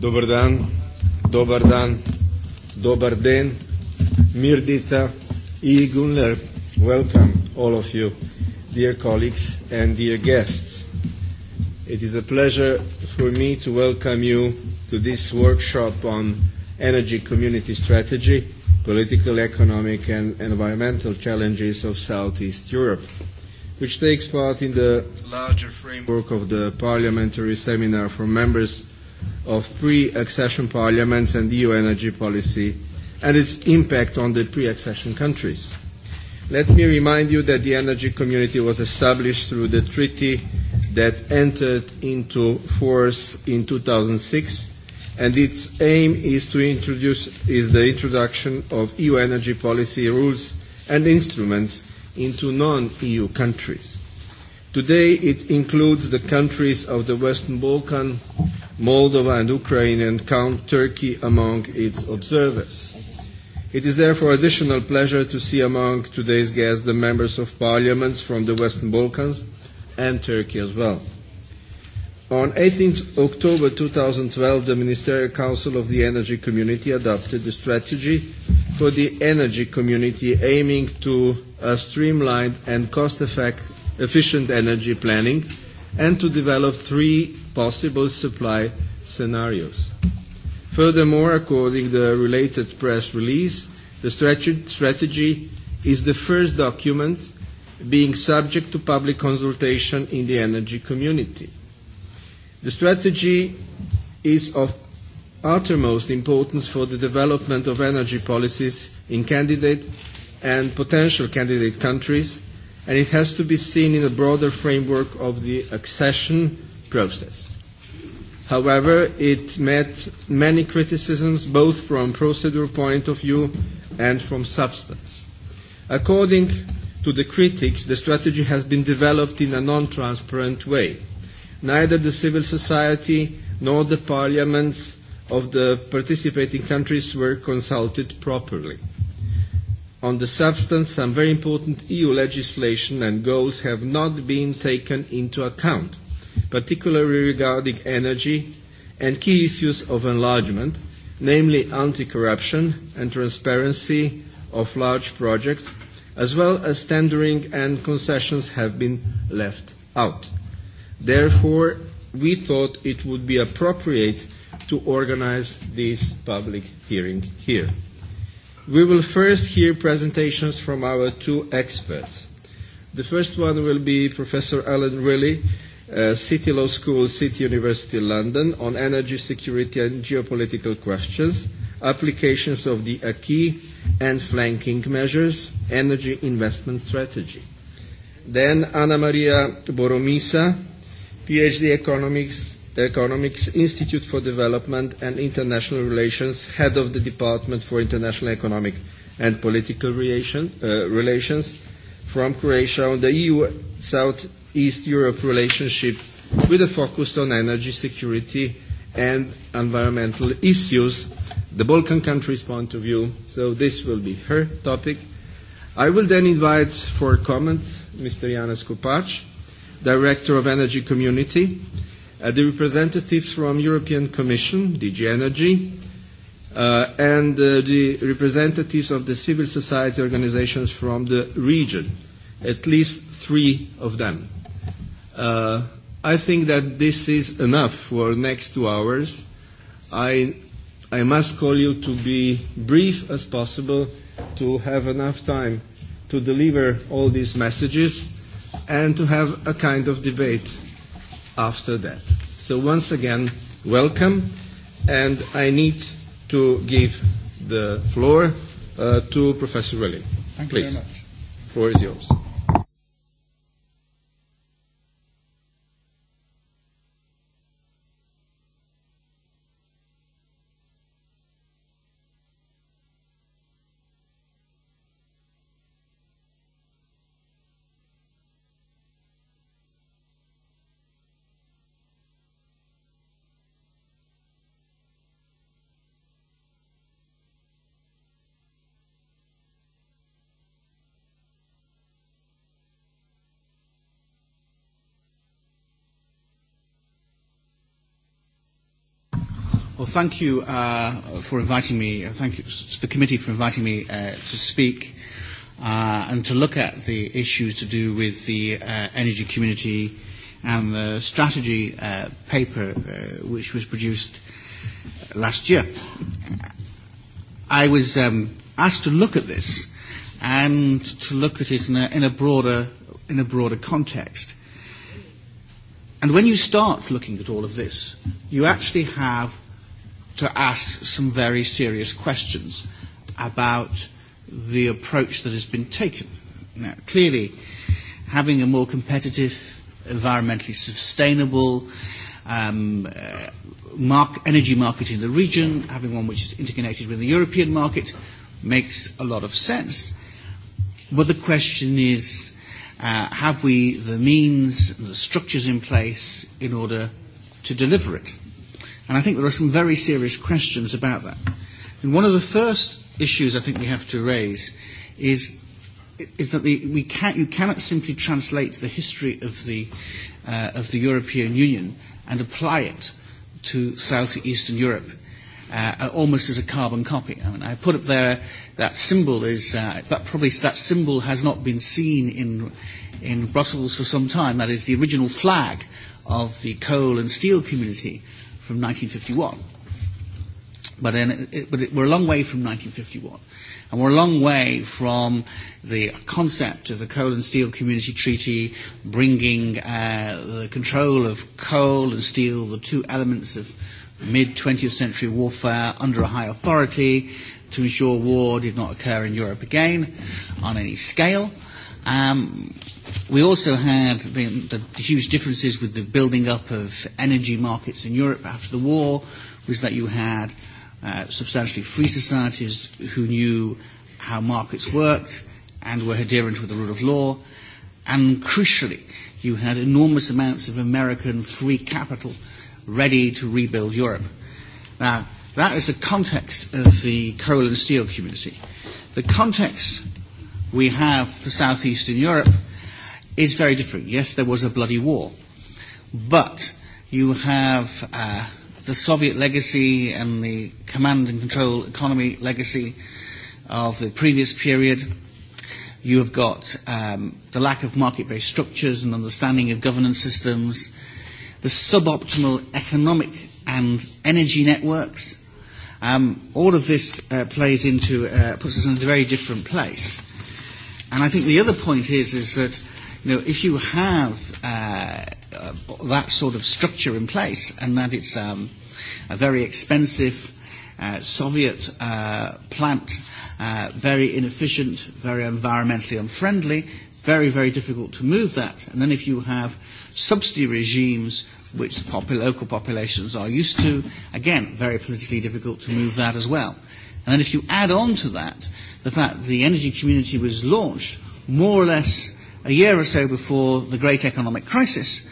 Dobar dan, dobar dan, dobar den, mirdita i Gunler. Welcome, all of you, dear colleagues and dear guests. It is a pleasure for me to welcome you to this workshop on energy community strategy, political, economic and environmental challenges of Southeast Europe, which takes part in the larger framework of the parliamentary seminar for members of pre-accession parliaments and EU energy policy and its impact on the pre-accession countries. Let me remind you that the energy community was established through the treaty that entered into force in 2006 and its aim is to introduce is the introduction of EU energy policy rules and instruments into non-EU countries. Today it includes the countries of the Western Balkan, Moldova and Ukraine and count Turkey among its observers. It is therefore additional pleasure to see among today's guests the members of parliaments from the Western Balkans and Turkey as well. On 18 October 2012, the Ministerial Council of the Energy Community adopted the strategy for the energy community aiming to a streamlined and cost-efficient energy planning and to develop three possible supply scenarios. Furthermore, according to the related press release, the strategy is the first document being subject to public consultation in the energy community. The strategy is of uttermost importance for the development of energy policies in candidate and potential candidate countries, and it has to be seen in a broader framework of the accession process. However, it met many criticisms both from procedural point of view and from substance. According to the critics, the strategy has been developed in a non-transparent way. Neither the civil society nor the parliaments of the participating countries were consulted properly. On the substance, some very important EU legislation and goals have not been taken into account particularly regarding energy and key issues of enlargement, namely anti-corruption and transparency of large projects, as well as tendering and concessions have been left out. Therefore, we thought it would be appropriate to organize this public hearing here. We will first hear presentations from our two experts. The first one will be Professor Alan Riley, City Law School, City University London on energy security and geopolitical questions, applications of the acquis and flanking measures, energy investment strategy. Then Anna Maria Boromisa, PhD Economics, Economics Institute for Development and International Relations, Head of the Department for International Economic and Political Relations from Croatia on the EU-South East Europe relationship with a focus on energy security and environmental issues, the Balkan countries' point of view. So this will be her topic. I will then invite for comments Mr. Janas Kopac, Director of Energy Community, the representatives from European Commission, DG Energy, and the representatives of the civil society organizations from the region, at least three of them. I think that this is enough for next two hours. I I must call you to be brief as possible to have enough time to deliver all these messages and to have a kind of debate after that. So once again, welcome, and I need to give the floor to Professor Willing. Thank you very much. Floor is yours. thank you for inviting me. Thank you to the committee for inviting me to speak and to look at the issues to do with the energy community and the strategy paper which was produced last year. I was asked to look at this and to look at it in a, in a broader in a broader context. And when you start looking at all of this, you actually have to ask some very serious questions about the approach that has been taken. Now, clearly, having a more competitive, environmentally sustainable energy market in the region, having one which is interconnected with the European market, makes a lot of sense. But the question is, have we the means and the structures in place in order to deliver it? And I think there are some very serious questions about that. And one of the first issues I think we have to raise is is that the, we can't you cannot simply translate the history of the, uh, of the European Union and apply it to South Eastern Europe uh, almost as a carbon copy. I, mean, I put up there that symbol is uh, that probably that symbol has not been seen in in Brussels for some time. That is the original flag of the coal and steel community from 1951. But, then it, but it, we're a long way from 1951. And we're a long way from the concept of the Coal and Steel Community Treaty bringing uh, the control of coal and steel, the two elements of mid-20th century warfare, under a high authority to ensure war did not occur in Europe again on any scale. Um, We also had the, the huge differences with the building up of energy markets in Europe after the war, was that you had substantially free societies who knew how markets worked and were adherent to the rule of law. And crucially, you had enormous amounts of American free capital ready to rebuild Europe. Now, that is the context of the coal and steel community. The context we have for southeastern Europe is very different. Yes, there was a bloody war, but you have the Soviet legacy and the command and control economy legacy of the previous period. You have got the lack of market-based structures and understanding of governance systems, the suboptimal economic and energy networks. All of this plays into, puts us in a very different place. And I think the other point is, is that Now, if you have that sort of structure in place and that it's um, a very expensive Soviet plant, very inefficient, very environmentally unfriendly, very, very difficult to move that. And then if you have subsidy regimes which local populations are used to, again, very politically difficult to move that as well. And then if you add on to that the fact that the energy community was launched more or less a year or so before the great economic crisis,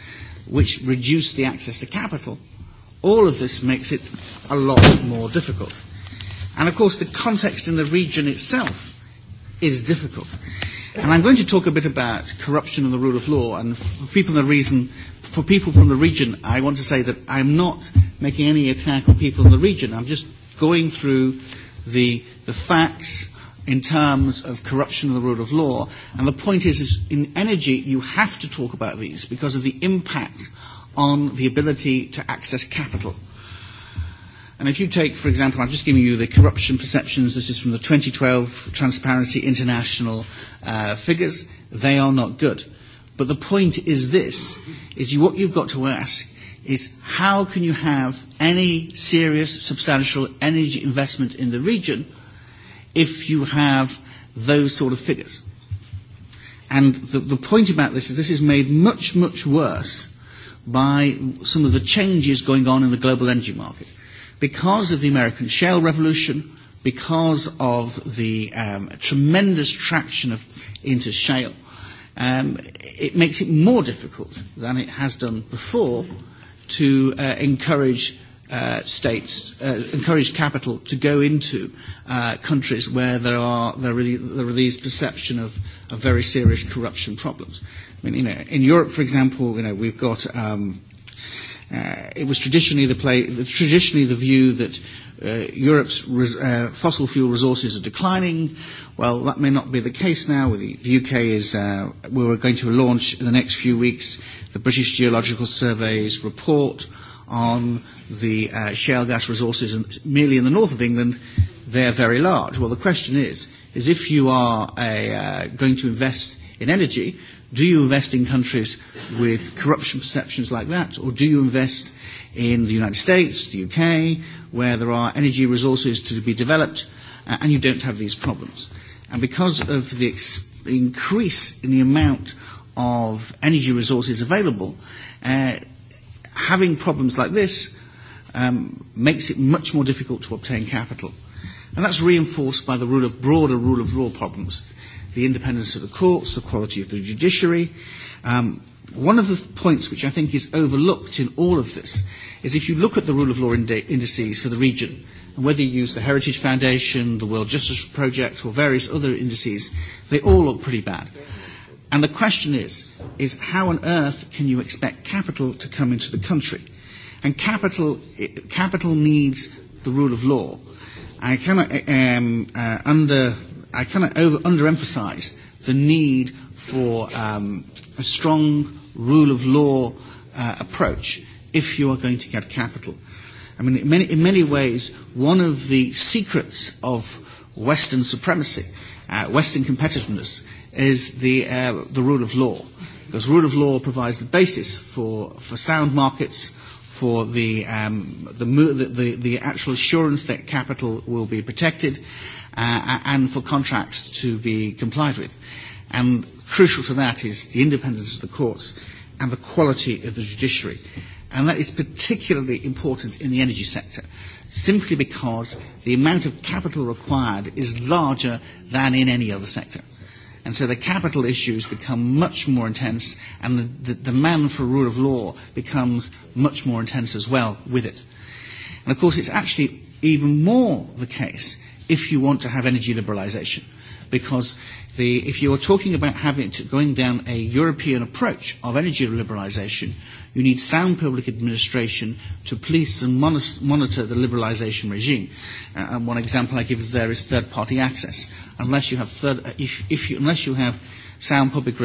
which reduced the access to capital, all of this makes it a lot more difficult. And of course, the context in the region itself is difficult. And I'm going to talk a bit about corruption and the rule of law. And for people, the reason, for people from the region, I want to say that I'm not making any attack on people in the region. I'm just going through the, the facts in terms of corruption and the rule of law. And the point is, is in energy, you have to talk about these because of the impact on the ability to access capital. And if you take, for example, I'm just giving you the corruption perceptions. This is from the 2012 Transparency International figures. They are not good. But the point is this, is what you've got to ask is how can you have any serious, substantial energy investment in the region if you have those sort of figures. And the, the point about this is this is made much, much worse by some of the changes going on in the global energy market. Because of the American shale revolution, because of the tremendous traction of, into shale, it makes it more difficult than it has done before to encourage states encourage capital to go into countries where there are there there are these perception of very serious corruption problems. I mean, you know, in Europe, for example, you know, we've got it was traditionally the play traditionally the view that Europe's fossil fuel resources are declining. Well, that may not be the case now. The UK is, we we're going to launch in the next few weeks the British Geological Survey's report on the shale gas resources merely in the north of England, they're very large. Well, the question is, is if you are going to invest in energy, do you invest in countries with corruption perceptions like that, or do you invest in the United States, the UK, where there are energy resources to be developed, and you don't have these problems? And because of the increase in the amount of energy resources available, having problems like this makes it much more difficult to obtain capital. And that's reinforced by the rule of broader rule of law problems, the independence of the courts, the quality of the judiciary. One of the points which I think is overlooked in all of this is if you look at the rule of law indices for the region, and whether you use the Heritage Foundation, the World Justice Project, or various other indices, they all look pretty bad. And the question is, is how on earth can you expect capital to come into the country? And capital capital needs the rule of law. I cannot um, uh, under I cannot over, underemphasize the need for um, a strong rule of law uh, approach if you are going to get capital. I mean, in many, in many ways, one of the secrets of Western supremacy, uh, Western competitiveness, is the, uh, the rule of law. Because rule of law provides the basis for, for sound markets, for the the actual assurance that capital will be protected and for contracts to be complied with. And crucial to that is the independence of the courts and the quality of the judiciary. And that is particularly important in the energy sector, simply because the amount of capital required is larger than in any other sector. And so the capital issues become much more intense and the demand for rule of law becomes much more intense as well with it. And of course it's actually even more the case if you want to have energy liberalisation because the, if you are talking about having to, going down a European approach of energy liberalisation, you need sound public administration to police and monitor the liberalisation regime. and one example I give there is third-party access. Unless you have third, if, if you, unless you have sound public,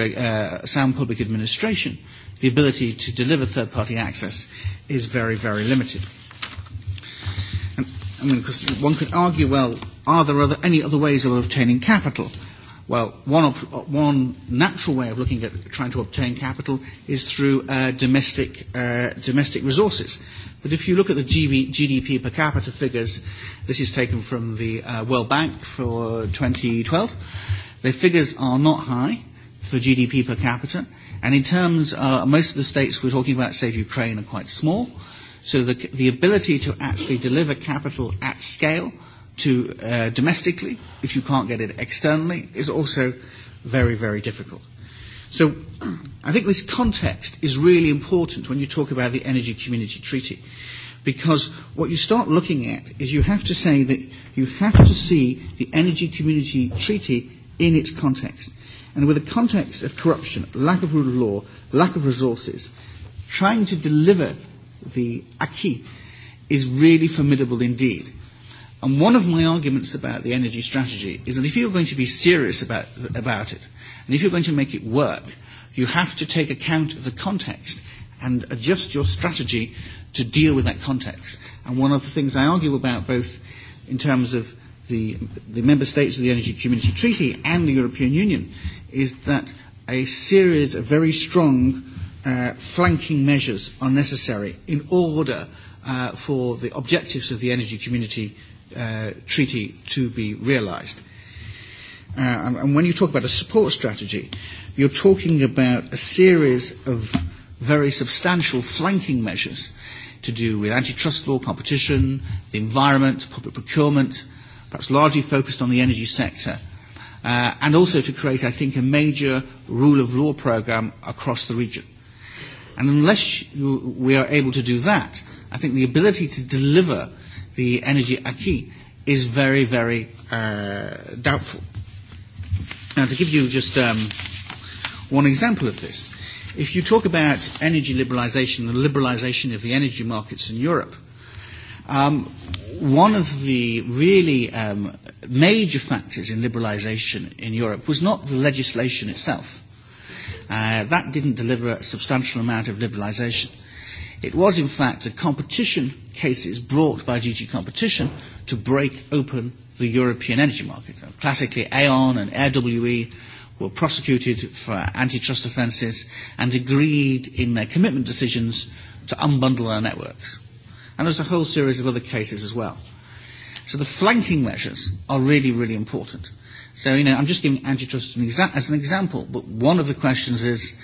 sound public administration, the ability to deliver third-party access is very, very limited. I mean, because one could argue, well, are there other, any other ways of obtaining capital? Well, one, one natural way of looking at trying to obtain capital is through domestic, domestic resources. But if you look at the GDP per capita figures, this is taken from the World Bank for 2012, the figures are not high for GDP per capita. And in terms of most of the states we're talking about, say Ukraine, are quite small. So the, the ability to actually deliver capital at scale to domestically, if you can't get it externally, is also very, very difficult. So I think this context is really important when you talk about the Energy Community Treaty, because what you start looking at is you have to say that you have to see the Energy Community Treaty in its context. And with a context of corruption, lack of rule of law, lack of resources, trying to deliver the acquis is really formidable indeed. And one of my arguments about the energy strategy is that if you're going to be serious about, about it, and if you're going to make it work, you have to take account of the context and adjust your strategy to deal with that context. And one of the things I argue about both in terms of the, the member states of the Energy Community Treaty and the European Union is that a series of very strong flanking measures are necessary in order for the objectives of the Energy Community treaty to be realized. And when you talk about a support strategy, you're talking about a series of very substantial flanking measures to do with antitrust law, competition, the environment, public procurement, perhaps largely focused on the energy sector, and also to create, I think, a major rule of law program across the region. And unless we are able to do that, I think the ability to deliver the energy acquis is very, very doubtful. Now, to give you just one example of this, if you talk about energy liberalization the liberalization of the energy markets in Europe, one of the really major factors in liberalization in Europe was not the legislation itself. That didn't deliver a substantial amount of liberalization. It was, in fact, a competition cases brought by DG Competition to break open the European energy market. Classically, Aon and RWE were prosecuted for antitrust offences and agreed in their commitment decisions to unbundle their networks. And there's a whole series of other cases as well. So the flanking measures are really, really important. So, you know, I'm just giving antitrust as an example, but one of the questions is,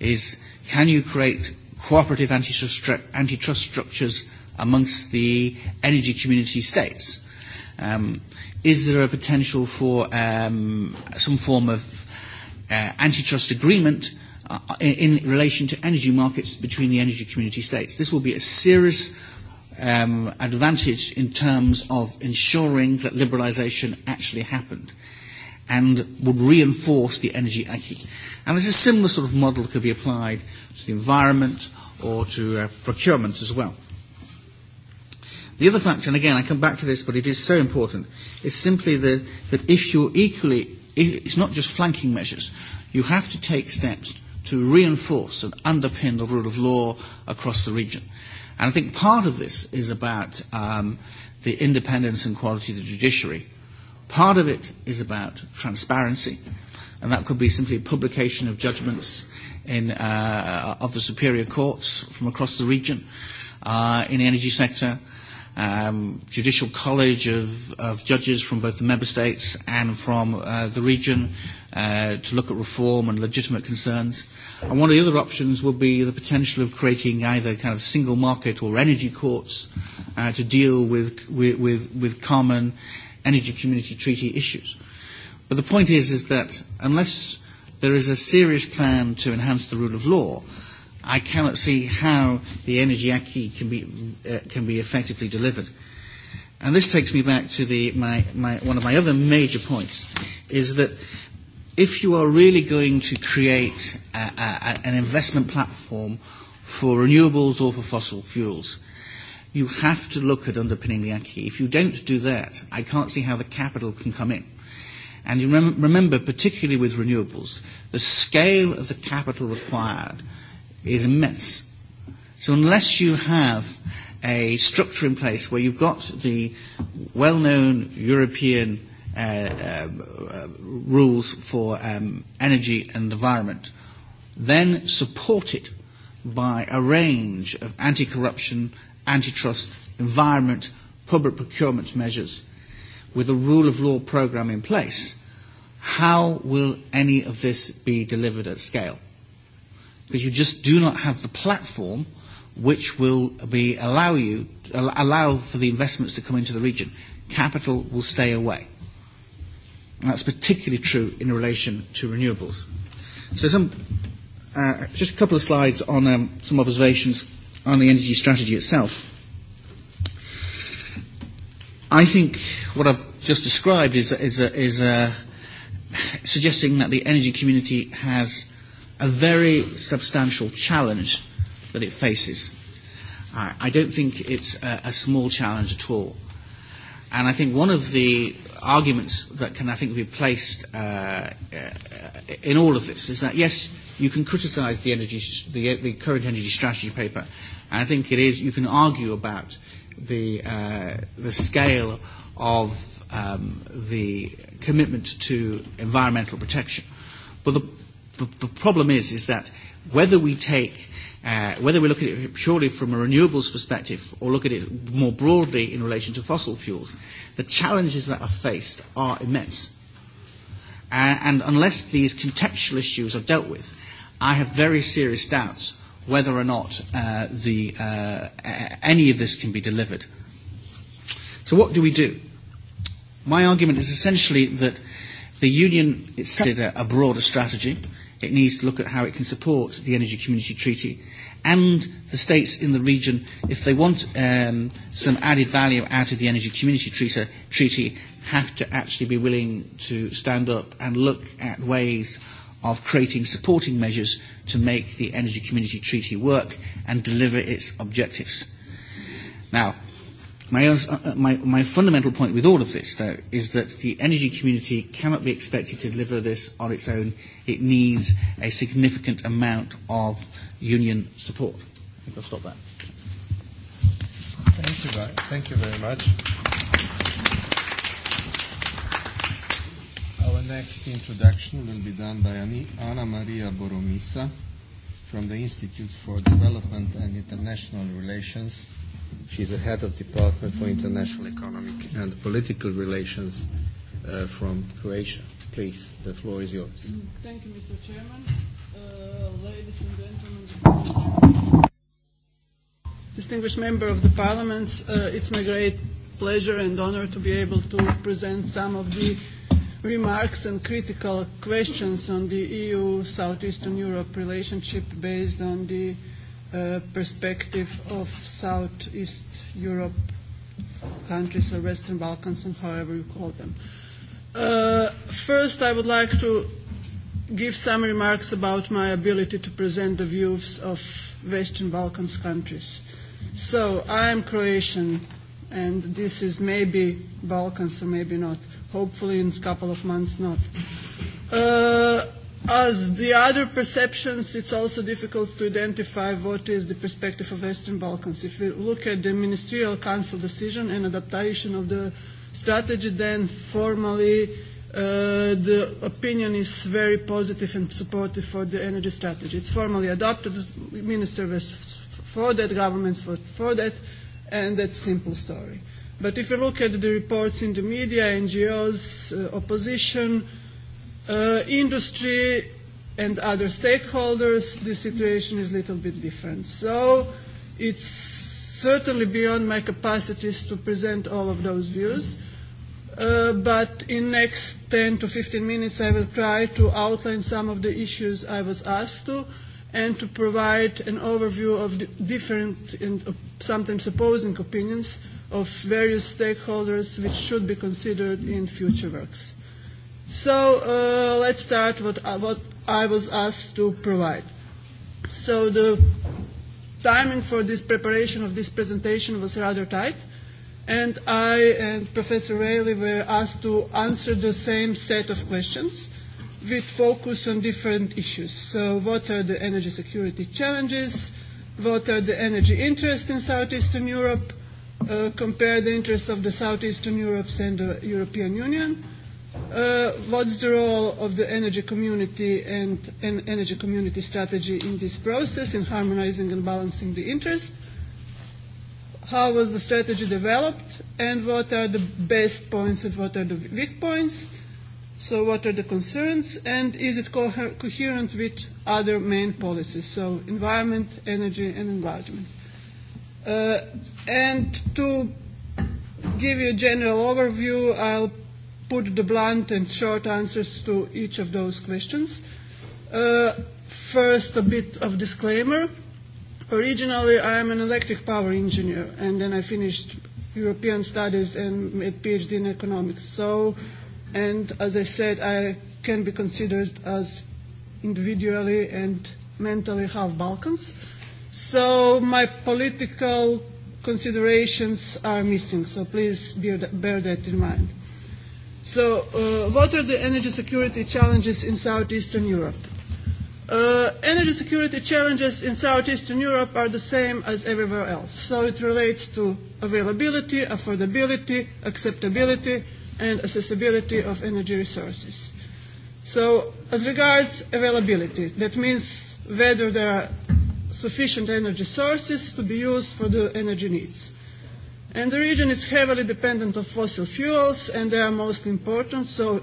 is can you create cooperative antitrust structures amongst the energy community states. Is there a potential for some form of antitrust agreement in relation to energy markets between the energy community states? This will be a serious advantage in terms of ensuring that liberalisation actually happened and would reinforce the energy acquis. And there's a similar sort of model that could be applied to the environment or to procurement as well. The other factor, and again I come back to this, but it is so important, is simply the, that if you're equally, it's not just flanking measures, you have to take steps to reinforce and underpin the rule of law across the region. And I think part of this is about um, the independence and quality of the judiciary. Part of it is about transparency, and that could be simply publication of judgments in of the superior courts from across the region in the energy sector, judicial college of judges from both the member states and from the region to look at reform and legitimate concerns. And one of the other options would be the potential of creating either kind of single market or energy courts to deal with with common energy community treaty issues. But the point is is that unless there is a serious plan to enhance the rule of law, I cannot see how the energy acquis can be, can be effectively delivered. And this takes me back to the, my, my, one of my other major points, is that if you are really going to create an investment platform for renewables or for fossil fuels, you have to look at underpinning the acquis. If you don't do that, I can't see how the capital can come in. And you remember, particularly with renewables, the scale of the capital required is immense. So unless you have a structure in place where you've got the well-known European rules for energy and environment, then supported by a range of anti-corruption, antitrust, environment, public procurement measures, with a rule of law program in place, how will any of this be delivered at scale? Because you just do not have the platform which will be allow you allow for the investments to come into the region. Capital will stay away. That's particularly true in relation to renewables. So some just a couple of slides on some observations on the energy strategy itself. I think what I've just described is is is suggesting that the energy community has a very substantial challenge that it faces. I don't think it's a small challenge at all. And I think one of the arguments that can, I think, be placed in all of this is that, yes, you can criticise the energy, the current energy strategy paper, and I think it is, you can argue about the the scale of the commitment to environmental protection. But the the problem is is that whether we take whether we look at it purely from a renewables perspective or look at it more broadly in relation to fossil fuels, the challenges that are faced are immense. And unless these contextual issues are dealt with, I have very serious doubts whether or not the any of this can be delivered. So what do we do? My argument is essentially that the Union set a broader strategy. It needs to look at how it can support the Energy Community Treaty and the states in the region, if they want some added value out of the Energy Community Treaty, have to actually be willing to stand up and look at ways of creating supporting measures to make the Energy Community Treaty work and deliver its objectives. Now, my fundamental point with all of this, though, is that the energy community cannot be expected to deliver this on its own. It needs a significant amount of union support. I think I'll stop that. Thank you very much. next introduction will be done by Ana Maria Boromisa from the Institute for Development and International Relations. She's is the head of Department for International Economic and Political Relations from Croatia. Please, the floor is yours. Thank you, Mr. Chairman. Ladies and gentlemen, distinguished member of the Parliament, it's my great pleasure and honor to be able to present some of the remarks and critical questions on the EU-Southeastern Europe relationship based on the perspective of Southeast Europe countries or Western Balkans and however you call them. First, I would like to give some remarks about my ability to present the views of Western Balkans countries. So, I am Croatian, and this is maybe Balkans or maybe not hopefully in a couple of months not. As the other perceptions, it's also difficult to identify what is the perspective of Western Balkans. If we look at the Ministerial Council decision and adaptation of the strategy, then formally the opinion is very positive and supportive for the energy strategy. It's formally adopted, the minister was for that, governments for that, and that's a simple story. But if you look at the reports in the media, NGOs, opposition, industry and other stakeholders, the situation is a little bit different. So it's certainly beyond my capacities to present all of those views. But in next 10 to 15 minutes I will try to outline some of the issues I was asked to and to provide an overview of different and sometimes opposing opinions of various stakeholders which should be considered in future works. So let's start what I was asked to provide. So the timing for this preparation of this presentation was rather tight, and I and Professor Rayleigh were asked to answer the same set of questions with focus on different issues. So what are the energy security challenges? What are the energy interests in Southeastern Europe? compare the interests of the southeastern Europe and the European Union. What's the role of the energy community and energy community strategy in this process in harmonizing and balancing the interest? How was the strategy developed and what are the best points and what are the weak points? So what are the concerns and is it coherent with other main policies, so environment, energy and enlargement? And to give you a general overview, I'll put the blunt and short answers to each of those questions. First, a bit of disclaimer. Originally, I am an electric power engineer, and then I finished European studies and a PhD in economics. So, and as I said, I can be considered as individually and mentally half Balkans. So my political considerations are missing, so please bear that in mind. So what are the energy security challenges in southeastern Europe? Energy security challenges in southeastern Europe are the same as everywhere else. So it relates to availability, affordability, acceptability and accessibility of energy resources. So as regards availability, that means whether there are sufficient energy sources to be used for the energy needs. And the region is heavily dependent on fossil fuels, and they are most important, so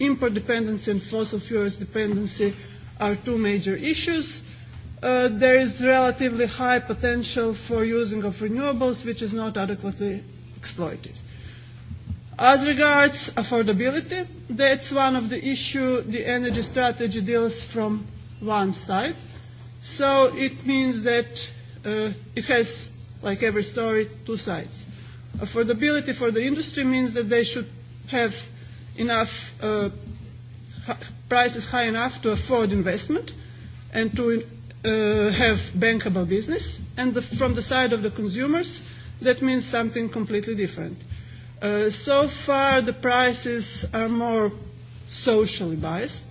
import dependency and fossil fuels dependency are two major issues. There is relatively high potential for using of renewables, which is not adequately exploited. As regards affordability, that's one of the issues the energy strategy deals from one side. So it means that it has, like every story, two sides. Affordability for the industry means that they should have enough prices high enough to afford investment and to have bankable business. And from the side of the consumers, that means something completely different. So far, the prices are more socially biased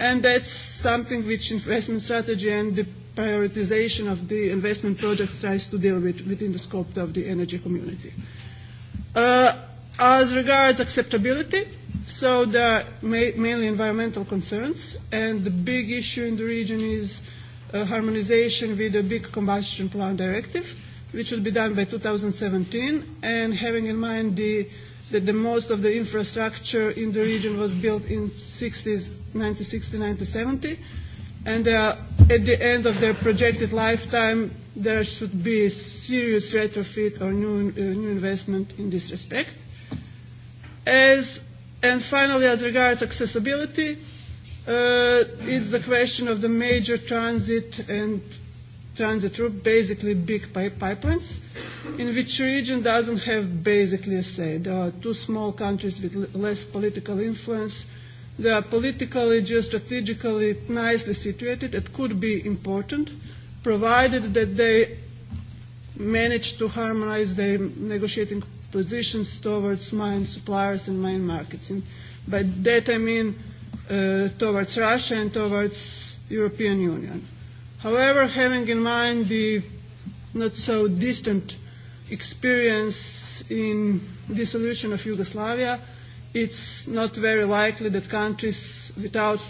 and that's something which investment strategy and the prioritization of the investment projects tries to deal with within the scope of the energy community. As regards acceptability, so are mainly environmental concerns, and the big issue in the region is harmonization with the big combustion plant directive, which will be done by 2017, and having in mind the that the most of the infrastructure in the region was built in 60s, 1960, 1970, and at the end of their projected lifetime, there should be serious retrofit or new investment in this respect. As And finally, as regards accessibility, it's the question of the major transit and transit route basically big pipelines in which region doesn't have basically a say. There are two small countries with less political influence. They are politically, geostrategically nicely situated. It could be important provided that they manage to harmonize their negotiating positions towards mine suppliers and mine markets. By that I mean towards Russia and towards European Union. However, having in mind the not so distant experience in dissolution of Yugoslavia, it's not very likely that countries without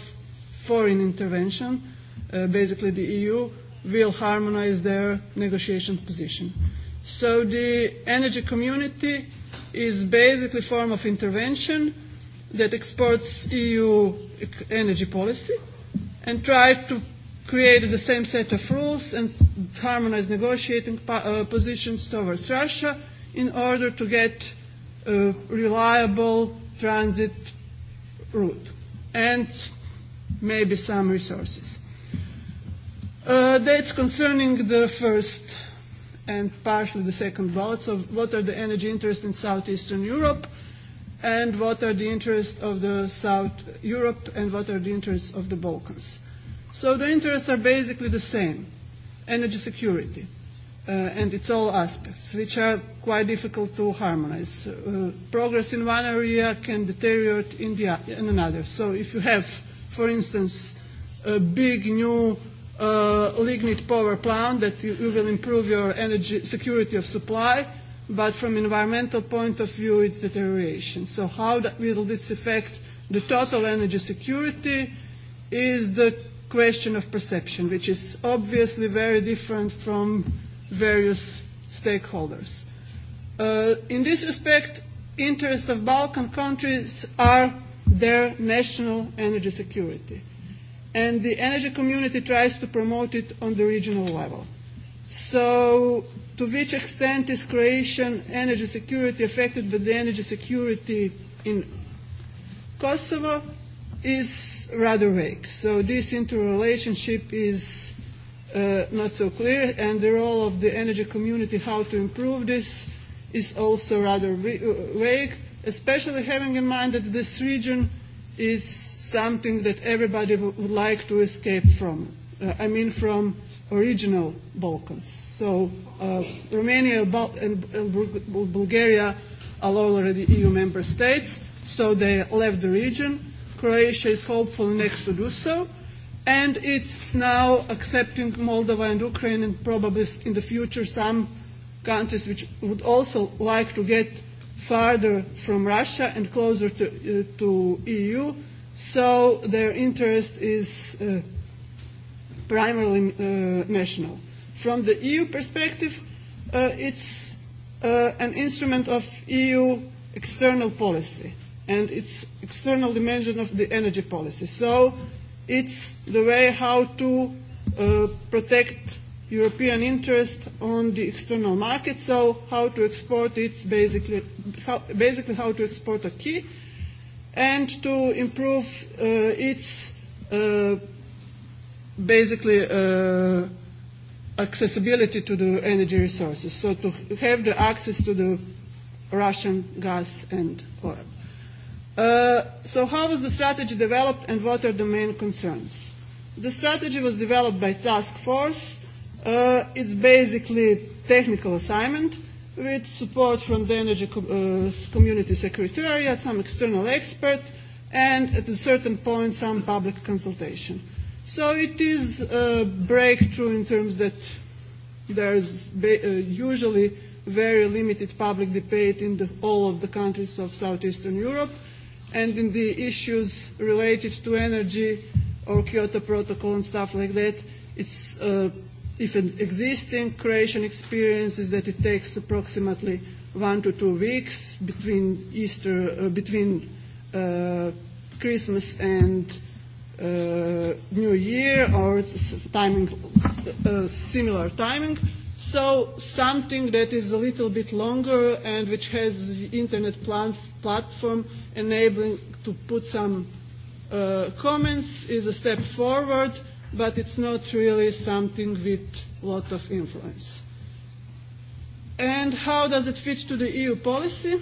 foreign intervention, basically the EU, will harmonize their negotiation position. So the energy community is basically a form of intervention that exports EU energy policy and tries to created the same set of rules and harmonized negotiating positions towards Russia in order to get a reliable transit route and maybe some resources. That's concerning the first and partially the second vote of what are the energy interests in southeastern Europe and what are the interests of the South Europe and what are the interests of the Balkans. So the interests are basically the same. Energy security and its all aspects, which are quite difficult to harmonize. Progress in one area can deteriorate in another. So if you have, for instance, a big new lignite power plant that you will improve your energy security of supply, but from environmental point of view it's deterioration. So how will this affect the total energy security is the question of perception, which is obviously very different from various stakeholders. In this respect, interests of Balkan countries are their national energy security, and the energy community tries to promote it on the regional level. So, to which extent is Croatian energy security affected by the energy security in Kosovo? is rather vague. So this interrelationship is not so clear, and the role of the energy community, how to improve this, is also rather vague, especially having in mind that this region is something that everybody would like to escape from. I mean from original Balkans. So Romania and Bulgaria are already EU member states, so they left the region Croatia is hopeful next to do so, and it's now accepting Moldova and Ukraine and probably in the future some countries which would also like to get farther from Russia and closer to to EU, so their interest is primarily national. From the EU perspective, it's an instrument of EU external policy and its external dimension of the energy policy. So it's the way how to protect European interest on the external market, so how to export it's basically basically how to export a key and to improve its basically accessibility to the energy resources, so to have the access to the Russian gas and oil. So how was the strategy developed and what are the main concerns? The strategy was developed by task force. It's basically technical assignment with support from the Energy Community Secretariat, some external expert, and at a certain point some public consultation. So it is a breakthrough in terms that there is usually very limited public debate in all of the countries of southeastern Europe and in the issues related to energy or Kyoto Protocol and stuff like that, it's if an existing creation experience is that it takes approximately one to two weeks between Easter, between Christmas and New Year, or timing, similar timing. So something that is a little bit longer and which has internet platform enabling to put some comments is a step forward, but it's not really something with a lot of influence. And how does it fit to the EU policy?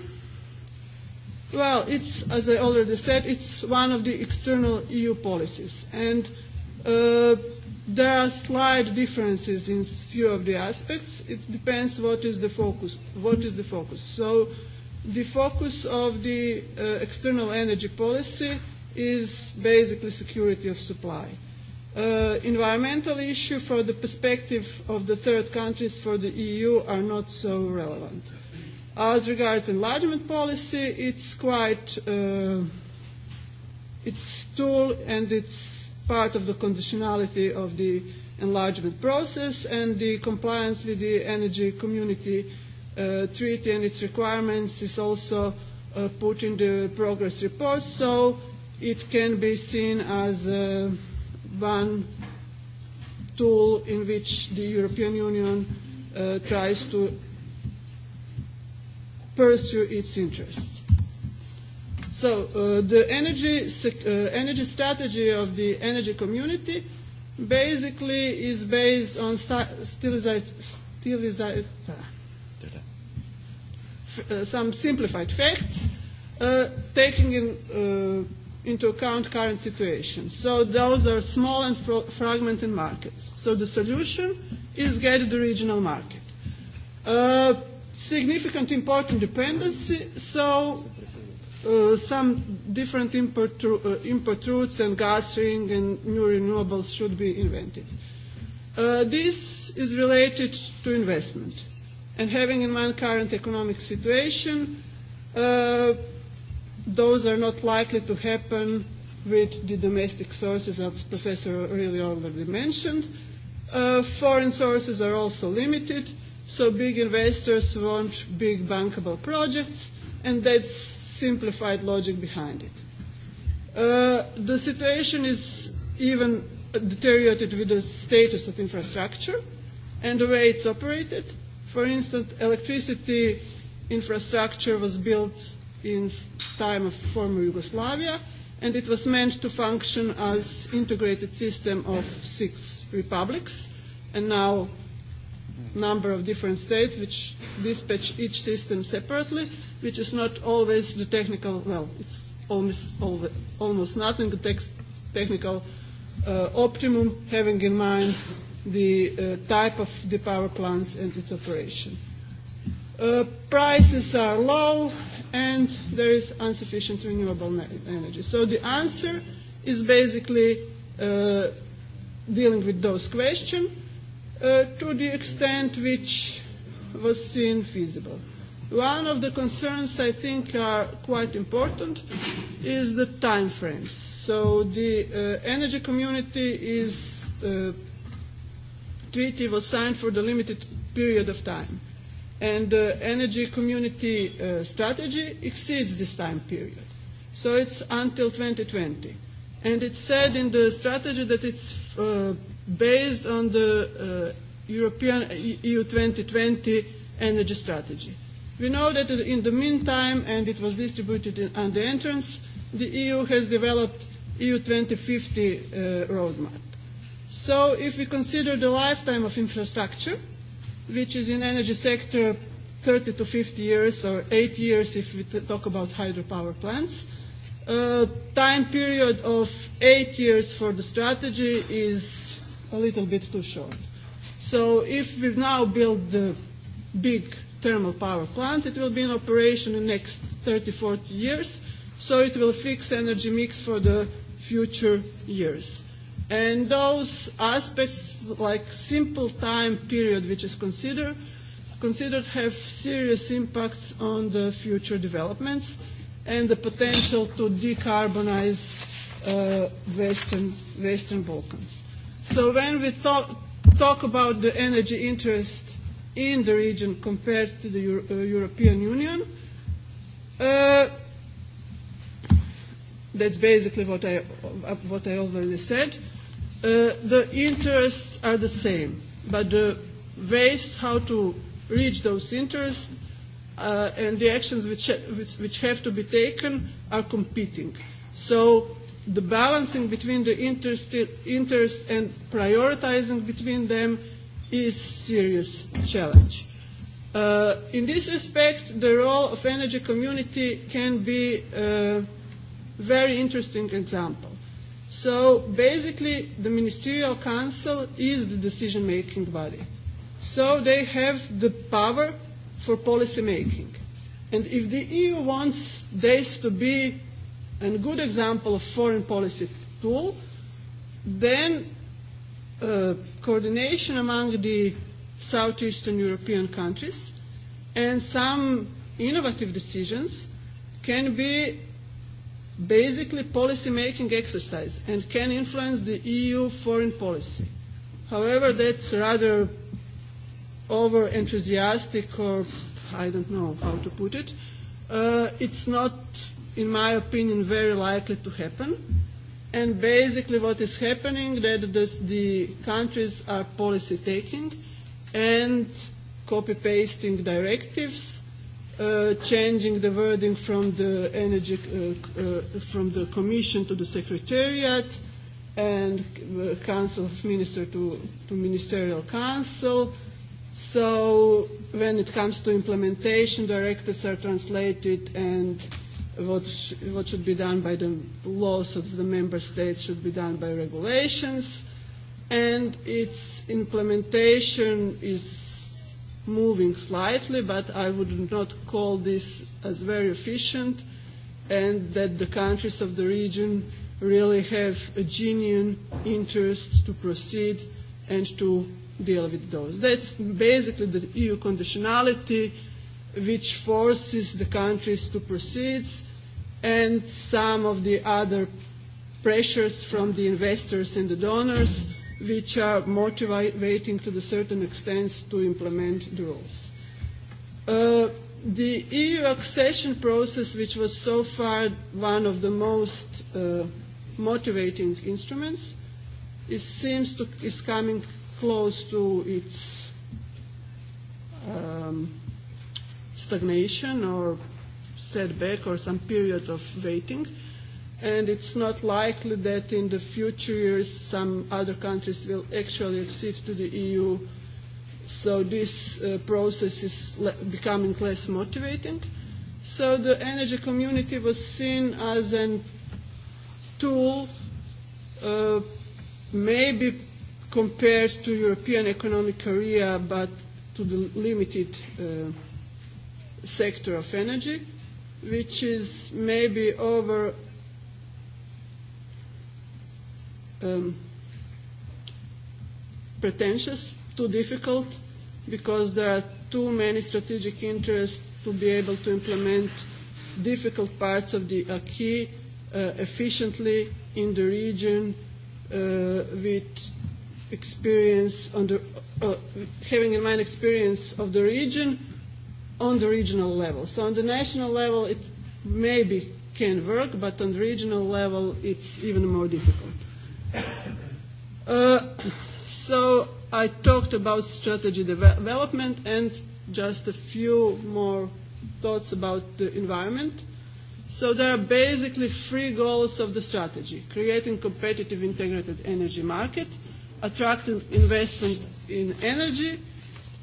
Well, it's, as I already said, it's one of the external EU policies. And There are slight differences in few of the aspects. It depends what is the focus. What is the focus? So, the focus of the external energy policy is basically security of supply. Environmental issue for the perspective of the third countries for the EU are not so relevant. As regards enlargement policy, it's quite its tool and its part of the conditionality of the enlargement process and the compliance with the Energy Community Treaty and its requirements is also put in the progress report, so it can be seen as one tool in which the European Union tries to pursue its interests. So the energy energy strategy of the energy community basically is based on some simplified facts taking in into account current situation. So those are small and fragmented markets. So the solution is get the regional market. Significant important dependency, so some different import routes and gas ring and new renewables should be invented. This is related to investment. And having in mind current economic situation, those are not likely to happen with the domestic sources, as Professor really already mentioned. Foreign sources are also limited, so big investors want big bankable projects, and that's simplified logic behind it. The situation is even deteriorated with the status of infrastructure and the way it's operated. For instance, electricity infrastructure was built in time of former Yugoslavia and it was meant to function as integrated system of six republics and now number of different states which dispatch each system separately, which is not always the technical, well, it's almost, almost nothing, the technical optimum, having in mind the type of the power plants and its operation. Prices are low and there is insufficient renewable energy. So the answer is basically dealing with those questions to the extent which was seen feasible. One of the concerns I think are quite important is the time frames. So the energy community is treaty was signed for the limited period of time and the energy community strategy exceeds this time period. So it's until 2020. And it's said in the strategy that it's based on the European EU 2020 energy strategy. We know that in the meantime, and it was distributed on the entrance, the EU has developed EU 2050 roadmap. So if we consider the lifetime of infrastructure, which is in energy sector 30 to 50 years or 8 years if we talk about hydropower plants, time period of 8 years for the strategy is a little bit too short. So if we now build the big thermal power plant, it will be in operation in the next 30, 40 years, so it will fix energy mix for the future years. And those aspects, like simple time period which is considered, considered have serious impacts on the future developments and the potential to decarbonize Western Western Balkans. So when we talk about the energy interest in the region compared to the European Union, that's basically what I what I already said. The interests are the same, but the ways how to reach those interests and the actions which which have to be taken are competing. So the balancing between the interest and prioritizing between them is a serious challenge. In this respect, the role of energy community can be a very interesting example. So basically, the Ministerial Council is the decision-making body. So they have the power for policy making. And if the EU wants this to be and good example of foreign policy tool, then coordination among the southeastern European countries and some innovative decisions can be basically policy-making exercise and can influence the EU foreign policy. However, that's rather over-enthusiastic or I don't know how to put it. It's not in my opinion, very likely to happen. And basically what is happening that the countries are policy taking and copy-pasting directives, changing the wording from the energy from the Commission to the Secretariat and Council of Minister to to Ministerial Council. So when it comes to implementation, directives are translated and what should be done by the laws of the member states should be done by regulations and its implementation is moving slightly but i would not call this as very efficient and that the countries of the region really have a genuine interest to proceed and to deal with those that's basically the eu conditionality which forces the countries to proceed and some of the other pressures from the investors and the donors which are motivating to a certain extent to implement the rules. The EU accession process, which was so far one of the most motivating instruments, seems to is coming close to its stagnation or setback or some period of waiting and it's not likely that in the future years some other countries will actually accede to the EU so this process is becoming less motivating so the energy community was seen as a tool maybe compared to European economic area but to the limited sector of energy which is maybe over pretentious, too difficult, because there are too many strategic interests to be able to implement difficult parts of the acquis efficiently in the region with experience, having in mind experience of the region on the regional level. So on the national level it maybe can work, but on the regional level it's even more difficult. So I talked about strategy development and just a few more thoughts about the environment. So there are basically three goals of the strategy. Creating competitive integrated energy market, attracting investment in energy,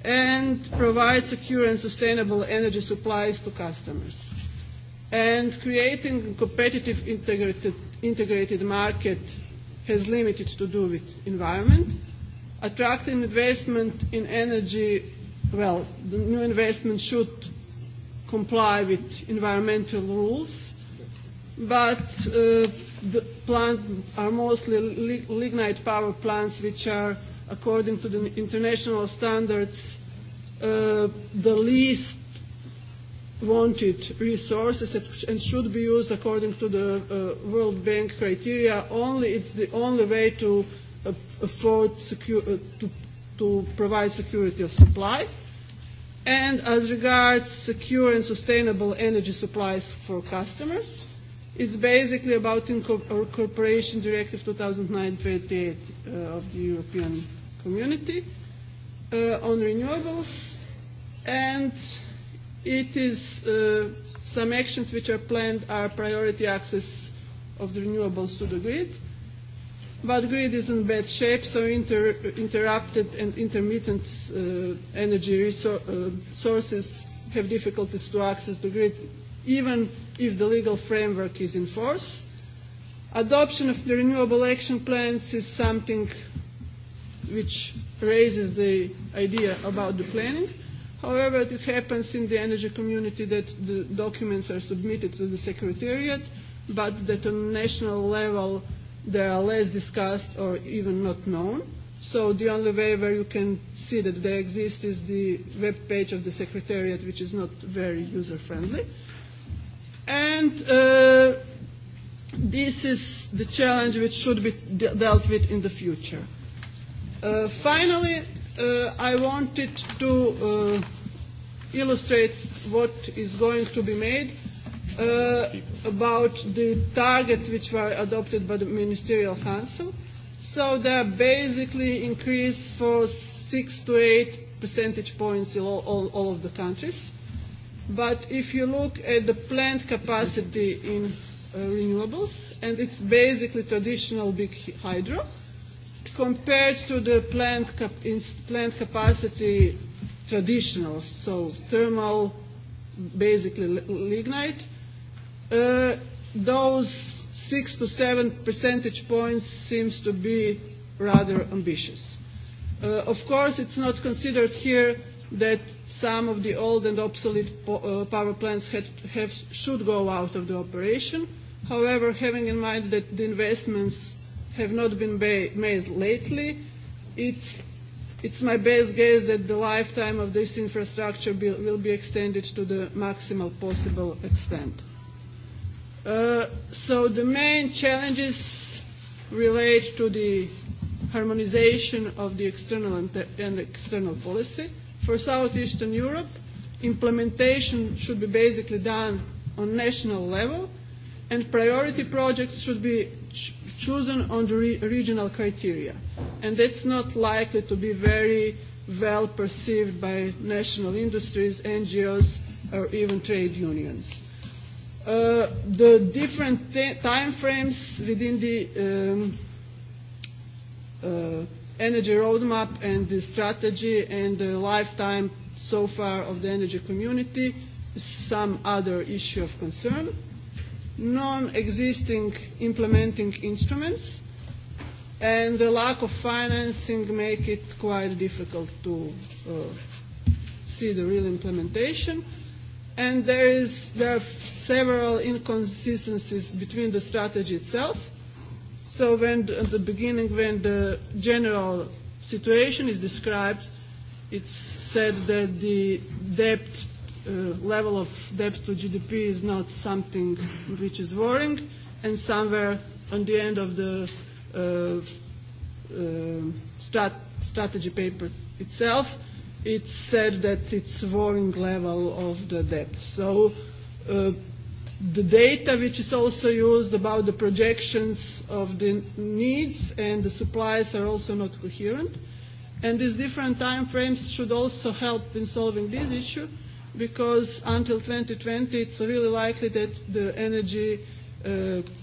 and provide secure and sustainable energy supplies to customers. And creating a competitive integrated market has limited to do with environment. Attracting investment in energy, well, the new investment should comply with environmental rules, but the plants are mostly lignite power plants which are according to the international standards, the least wanted resources and should be used according to the World Bank criteria. Only it's the only way to afford to provide security of supply. And as regards secure and sustainable energy supplies for customers, it's basically about Incorporation Directive 2009-28 of the European community on renewables and it is some actions which are planned are priority access of the renewables to the grid but grid is in bad shape so interrupted and intermittent energy sources have difficulties to access the grid even if the legal framework is in force. Adoption of the renewable action plans is something which raises the idea about the planning. However, it happens in the energy community that the documents are submitted to the Secretariat, but that on national level they are less discussed or even not known. So the only way where you can see that they exist is the web page of the Secretariat, which is not very user-friendly. And this is the challenge which should be dealt with in the future. Finally, I wanted to illustrate what is going to be made about the targets which were adopted by the Ministerial Council. So they are basically increased for six to eight percentage points in all of the countries. But if you look at the plant capacity in renewables, and it's basically traditional big hydro, compared to the plant capacity traditional, so thermal, basically lignite, those six to seven percentage points seems to be rather ambitious. Of course, it's not considered here that some of the old and obsolete power plants should go out of the operation. However, having in mind that the investments have not been made lately. It's It's my best guess that the lifetime of this infrastructure will be extended to the maximal possible extent. So the main challenges relate to the harmonization of the external and external policy. For Southeastern Europe, implementation should be basically done on national level, and priority projects should be chosen on the regional criteria. And that's not likely to be very well perceived by national industries, NGOs, or even trade unions. The different time frames within the energy roadmap and the strategy and the lifetime so far of the energy community is some other issue of concern non-existing implementing instruments and the lack of financing make it quite difficult to see the real implementation and there is there are several inconsistencies between the strategy itself so when at the beginning when the general situation is described it's said that the debt level of debt to GDP is not something which is worrying, and somewhere on the end of the strategy paper itself, it said that it's worrying level of the debt. So the data which is also used about the projections of the needs and the supplies are also not coherent. And these different time frames should also help in solving this issue because until 2020 it's really likely that the energy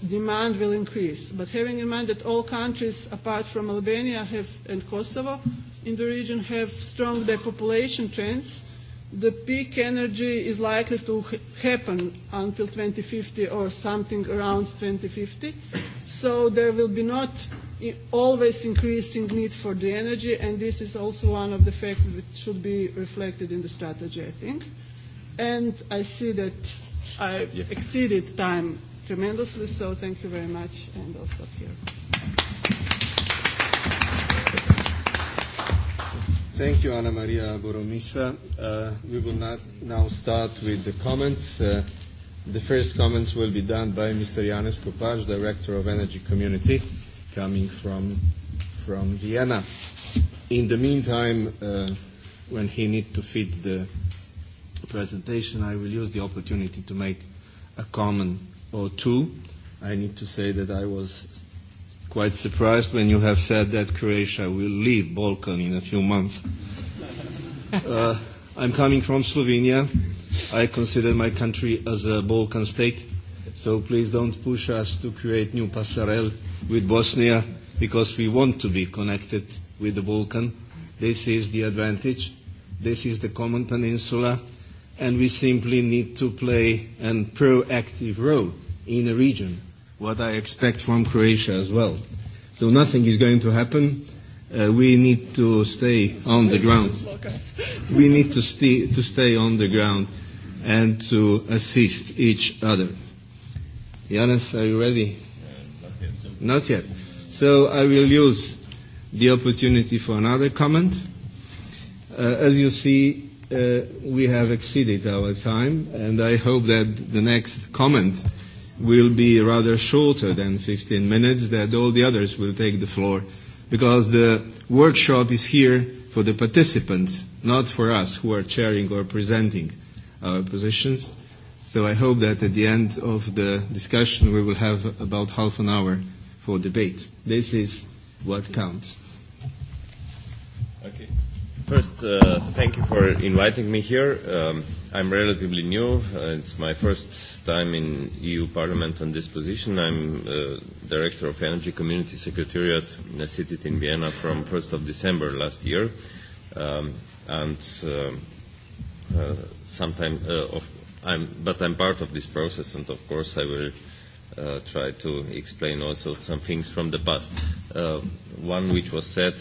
demand will increase. But having in mind that all countries apart from Albania and Kosovo in the region have strong depopulation trends, the peak energy is likely to happen until 2050 or something around 2050. So there will be not always increasing need for the energy, and this is also one of the facts that should be reflected in the strategy, I think and I see that I exceeded time tremendously, so thank you very much, and I'll stop here. Thank you, Anna Maria Boromisa. We will now start with the comments. The first comments will be done by Mr. Yannis Kopacz, Director of Energy Community, coming from from Vienna. In the meantime, when he needs to feed the presentation, I will use the opportunity to make a comment or two. I need to say that I was quite surprised when you have said that Croatia will leave Balkan in a few months. I I'm coming from Slovenia. I consider my country as a Balkan state, so please don't push us to create new passerelle with Bosnia because we want to be connected with the Balkan. This is the advantage. This is the common peninsula and we simply need to play a proactive role in the region, what I expect from Croatia as well. So nothing is going to happen. We need to stay on the ground. We need to stay on the ground and to assist each other. Janis, are you ready? Not yet. So I will use the opportunity for another comment. As you see, we have exceeded our time, and I hope that the next comment will be rather shorter than 15 minutes, that all the others will take the floor, because the workshop is here for the participants, not for us who are chairing or presenting our positions. So I hope that at the end of the discussion we will have about half an hour for debate. This is what counts. First, thank you for inviting me here. I'm relatively new. It's my first time in EU Parliament on this position. I'm Director of Energy Community Secretariat in a city in Vienna from 1st of December last year. And sometime, but I'm part of this process and of course I will try to explain also some things from the past one which was said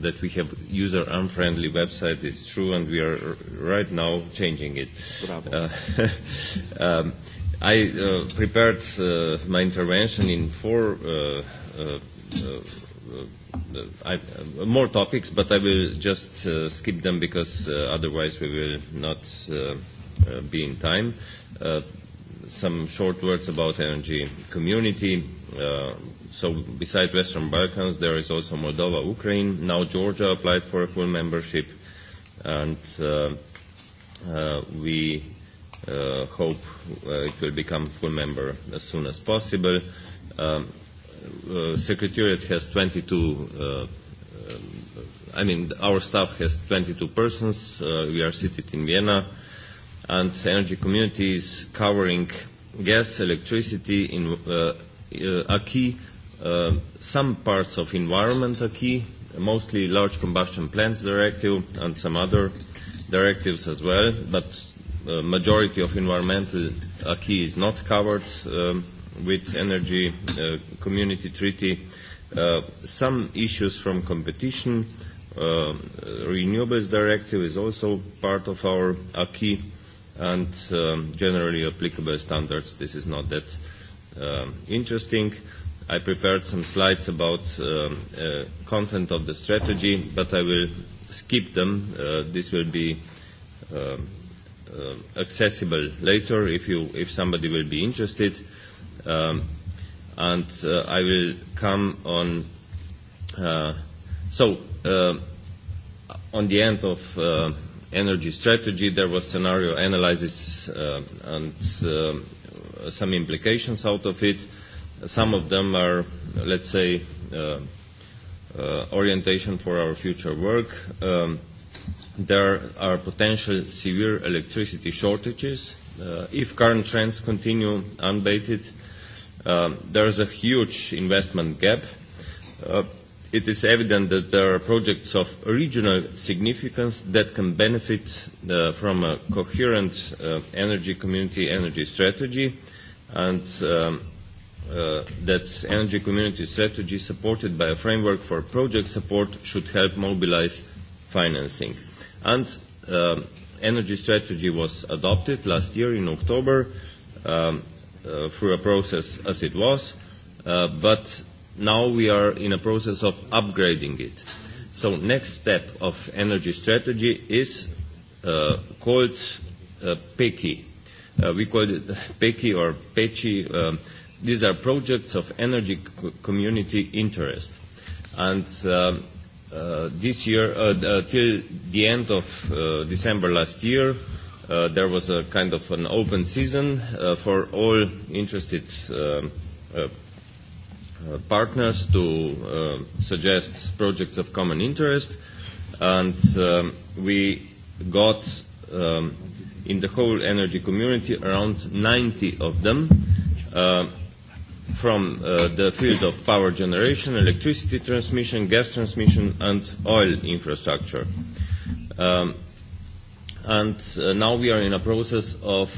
that we have user unfriendly website is true and we are right now changing it. I prepared my intervention in four more topics, but I will just skip them because otherwise we will not be in time. Some short words about energy community So beside Western Balkans, there is also Moldova, Ukraine. Now Georgia applied for a full membership, and we hope it will become full member as soon as possible. Secretariat has 22. I mean, our staff has 22 persons. We are seated in Vienna, and the energy community is covering gas, electricity, in key some parts of environment are key, mostly large combustion plants directive and some other directives as well, but the majority of environmental acquis is not covered with energy community treaty. Some issues from competition, renewables directive is also part of our acquis and generally applicable standards. This is not that interesting. I prepared some slides about content of the strategy, but I will skip them. This will be accessible later if you if somebody will be interested. And I will come on. So on the end of energy strategy, there was scenario analysis and some implications out of it. Some of them are, let's say, orientation for our future work. There are potential severe electricity shortages. If current trends continue unabated, there is a huge investment gap. It is evident that there are projects of regional significance that can benefit from a coherent energy community energy strategy and that energy community strategy supported by a framework for project support should help mobilize financing. And energy strategy was adopted last year in October through a process as it was, but now we are in a process of upgrading it. So next step of energy strategy is called PECI. We call it PECI or PECI These are projects of energy community interest. And this year, till the end of December last year, there was a kind of an open season for all interested partners to suggest projects of common interest. And we got in the whole energy community around 90 of them from the field of power generation, electricity transmission, gas transmission, and oil infrastructure. And now we are in a process of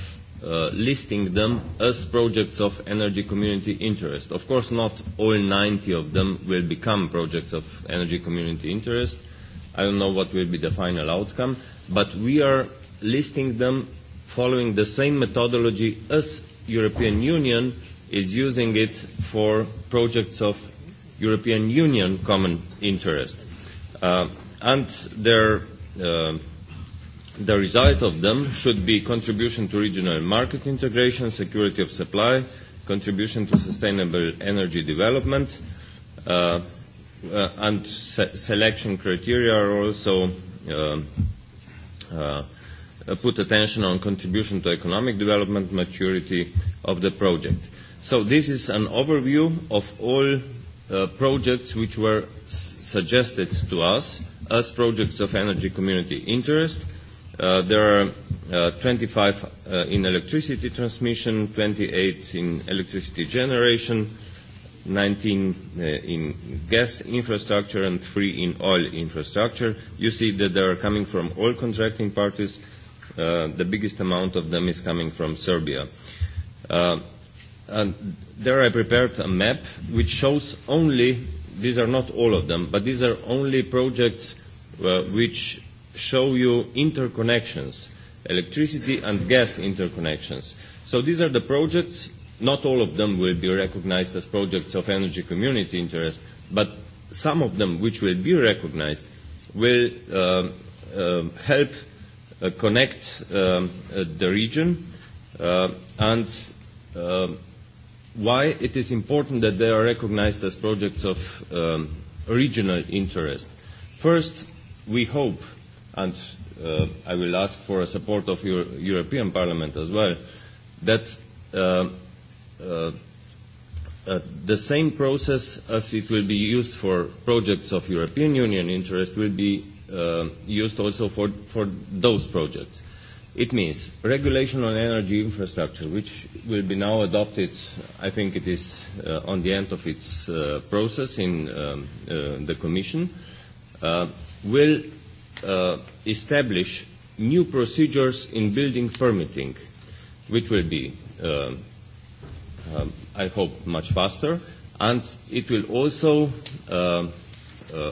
listing them as projects of energy community interest. Of course, not all 90 of them will become projects of energy community interest. I don't know what will be the final outcome, but we are listing them following the same methodology as European Union is using it for projects of European Union common interest. And their the result of them should be contribution to regional market integration, security of supply, contribution to sustainable energy development, and selection criteria are also put attention on contribution to economic development maturity of the project. So this is an overview of all projects which were suggested to us as projects of energy community interest. There are 25 in electricity transmission, 28 in electricity generation, 19 in gas infrastructure and 3 in oil infrastructure. You see that they are coming from all contracting parties. The biggest amount of them is coming from Serbia. And there I prepared a map which shows only, these are not all of them, but these are only projects which show you interconnections, electricity and gas interconnections. So these are the projects, not all of them will be recognized as projects of energy community interest, but some of them which will be recognized will help connect the region and why it is important that they are recognised as projects of regional interest. First, we hope, and I will ask for the support of your European Parliament as well, that the same process as it will be used for projects of European Union interest will be used also for those projects. It means regulation on energy infrastructure, which will be now adopted, I think it is on the end of its process in the Commission, will establish new procedures in building permitting, which will be, I hope, much faster, and it will also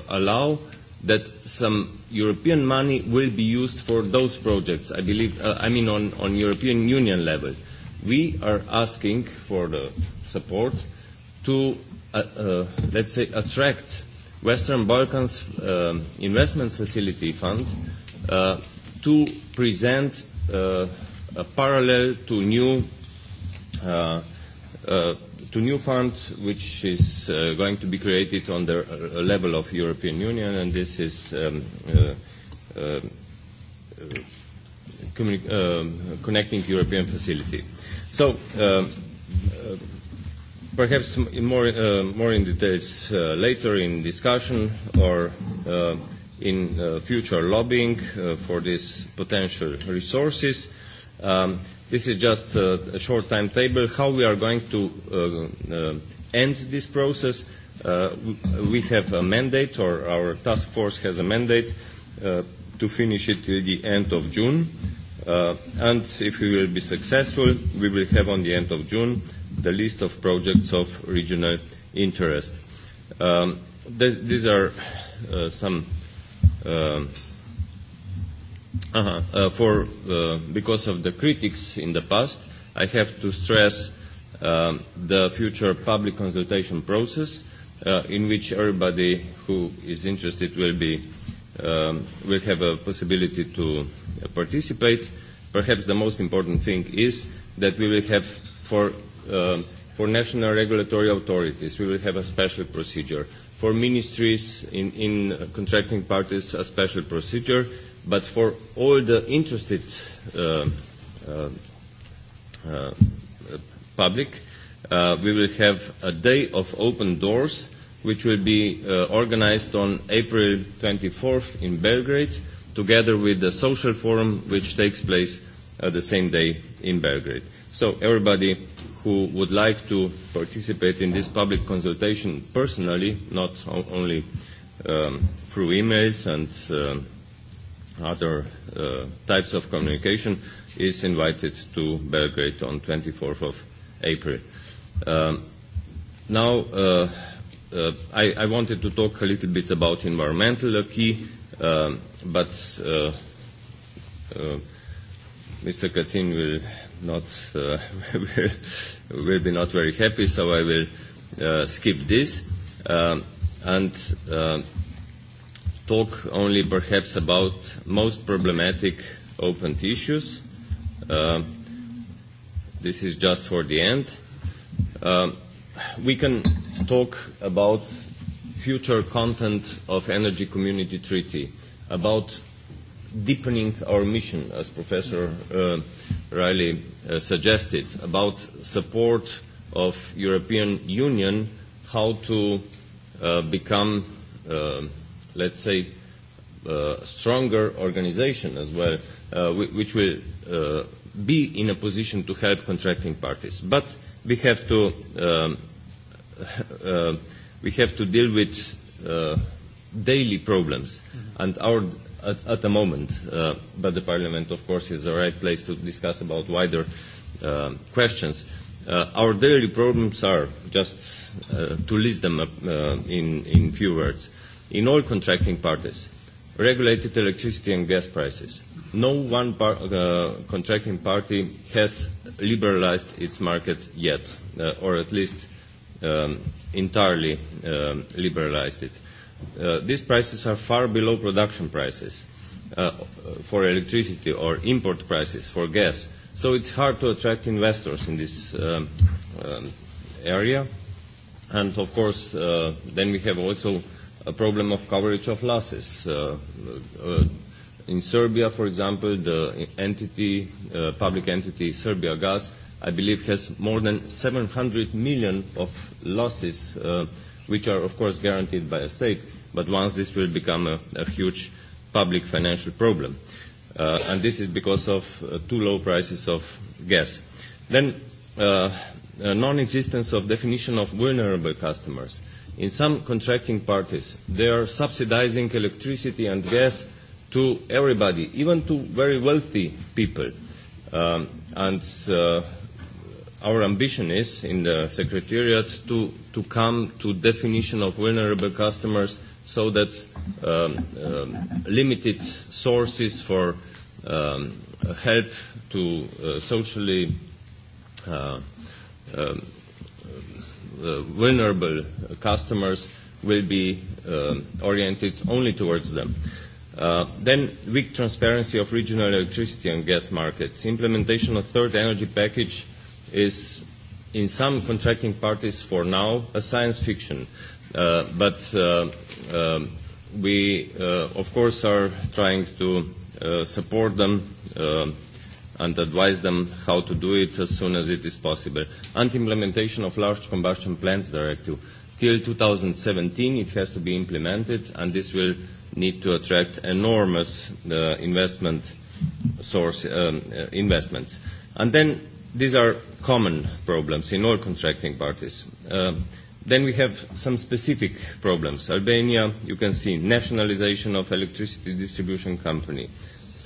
allow that some European money will be used for those projects. I believe, I mean, on European Union level. We are asking for the support to, let's say, attract Western Balkans Investment Facility Fund to present a parallel to new to new fund which is going to be created on the level of European Union and this is connecting European facility. So perhaps more more in details later in discussion or in future lobbying for these potential resources. Um This is just a short timetable how we are going to end this process. We have a mandate, or our task force has a mandate, to finish it till the end of June. And if we will be successful, we will have on the end of June the list of projects of regional interest. These are some for because of the critics in the past, I have to stress the future public consultation process, in which everybody who is interested will be will have a possibility to participate. Perhaps the most important thing is that we will have for for national regulatory authorities we will have a special procedure. For ministries in contracting parties a special procedure But for all the interested public, we will have a day of open doors, which will be organized on April 24th in Belgrade, together with the social forum, which takes place the same day in Belgrade. So everybody who would like to participate in this public consultation personally, not only through emails and other types of communication, is invited to Belgrade on 24th of April. Now, I wanted to talk a little bit about environmental key, but Mr. Kacin will not will be not very happy, so I will skip this. And talk only perhaps about most problematic open issues. This is just for the end. We can talk about future content of Energy Community Treaty, about deepening our mission, as Professor Riley suggested, about support of European Union, how to become let's say, stronger organization as well, which will be in a position to help contracting parties. But we have to we have to deal with daily problems, and our at the moment, but the Parliament, of course, is the right place to discuss about wider questions. Our daily problems are, just to list them in few words, in all contracting parties, regulated electricity and gas prices. No one contracting party has liberalized its market yet, or at least entirely liberalized it. These prices are far below production prices for electricity or import prices for gas, so it's hard to attract investors in this area. And of course, then we have also a problem of coverage of losses. In Serbia, for example, the entity, public entity Serbia Gas, I believe has more than 700 million of losses, which are of course guaranteed by a state, but once this will become a huge public financial problem. And this is because of too low prices of gas. Then, non-existence of definition of vulnerable customers in some contracting parties, they are subsidizing electricity and gas to everybody, even to very wealthy people. And our ambition is, in the Secretariat, to come to definition of vulnerable customers so that limited sources for help to socially vulnerable customers will be oriented only towards them. Then weak transparency of regional electricity and gas markets. Implementation of third energy package is in some contracting parties for now a science fiction. But we of course are trying to support them and advise them how to do it as soon as it is possible. And implementation of Large Combustion Plants Directive. Till 2017 it has to be implemented and this will need to attract enormous investment source investments. And then these are common problems in all contracting parties. Then we have some specific problems. Albania, you can see nationalization of electricity distribution company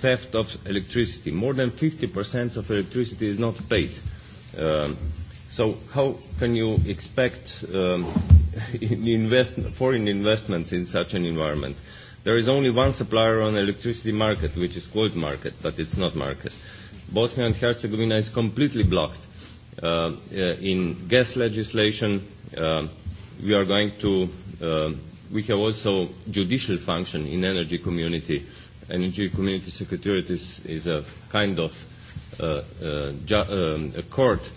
theft of electricity. More than 50% of electricity is not paid. So how can you expect foreign investments in such an environment? There is only one supplier on the electricity market, which is called market, but it's not market. Bosnia and Herzegovina is completely blocked in gas legislation. We are going to, we have also judicial function in energy community Energy Community Secretariat is, is a kind of court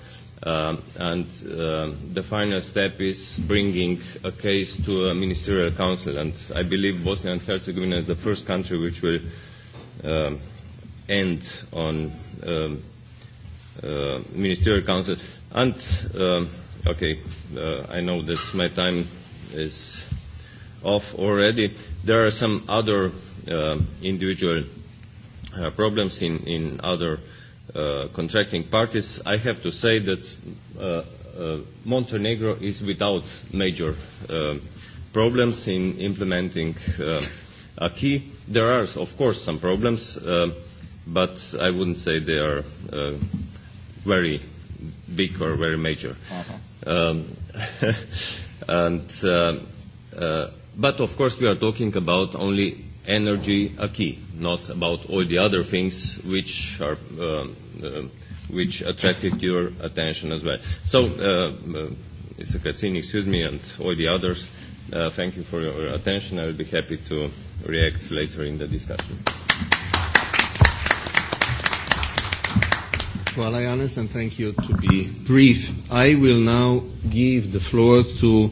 and the final step is bringing a case to a ministerial council and I believe Bosnia and Herzegovina is the first country which will end on ministerial council and okay I know that my time is off already there are some other individual problems in in other contracting parties, I have to say that Montenegro is without major problems in implementing a key. There are, of course, some problems, but I wouldn't say they are very big or very major. And but of course we are talking about only energy a key, not about all the other things which are which attracted your attention as well. So, Mr. Kaczyn, excuse me, and all the others, thank you for your attention. I will be happy to react later in the discussion. Well, I understand. Thank you to be brief. I will now give the floor to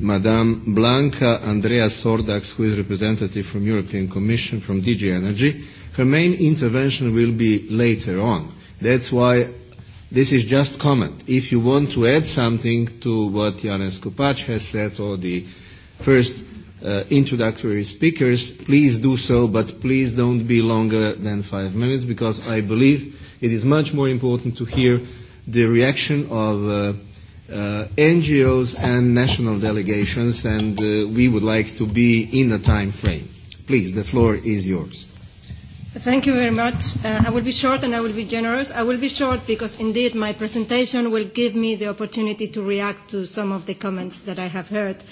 Madame Blanca Andrea Sordax, who is representative from European Commission from DG Energy. Her main intervention will be later on. That's why this is just comment. If you want to add something to what Janes Kopac has said or the first introductory speakers, please do so, but please don't be longer than five minutes because I believe it is much more important to hear the reaction of NGOs and national delegations, and we would like to be in a time frame. Please, the floor is yours. Thank you very much. I will be short and I will be generous. I will be short because indeed my presentation will give me the opportunity to react to some of the comments that I have heard.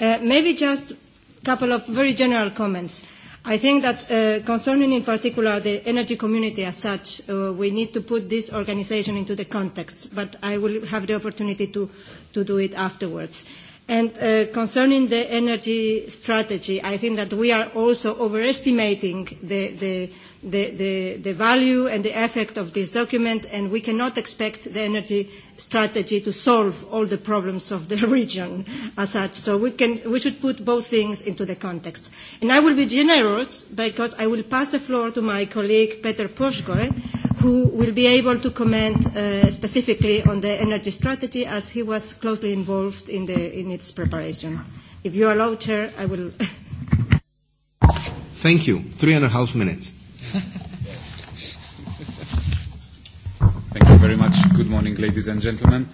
Maybe just a couple of very general comments. I think that concerning in particular the energy community as such, we need to put this organization into the context, but I will have the opportunity to do it afterwards. And concerning the energy strategy, I think that we are also overestimating the the value and the effect of this document, and we cannot expect the energy strategy to solve all the problems of the region as such. So we should put both things into the context. And I will be generous because I will pass the floor to my colleague Peter Poshkoy, who will be able to comment specifically on the energy strategy as he was closely involved in its preparation. If you allow, Chair, I will. Thank you. Three and a half minutes. Thank you very much. Good morning, ladies and gentlemen.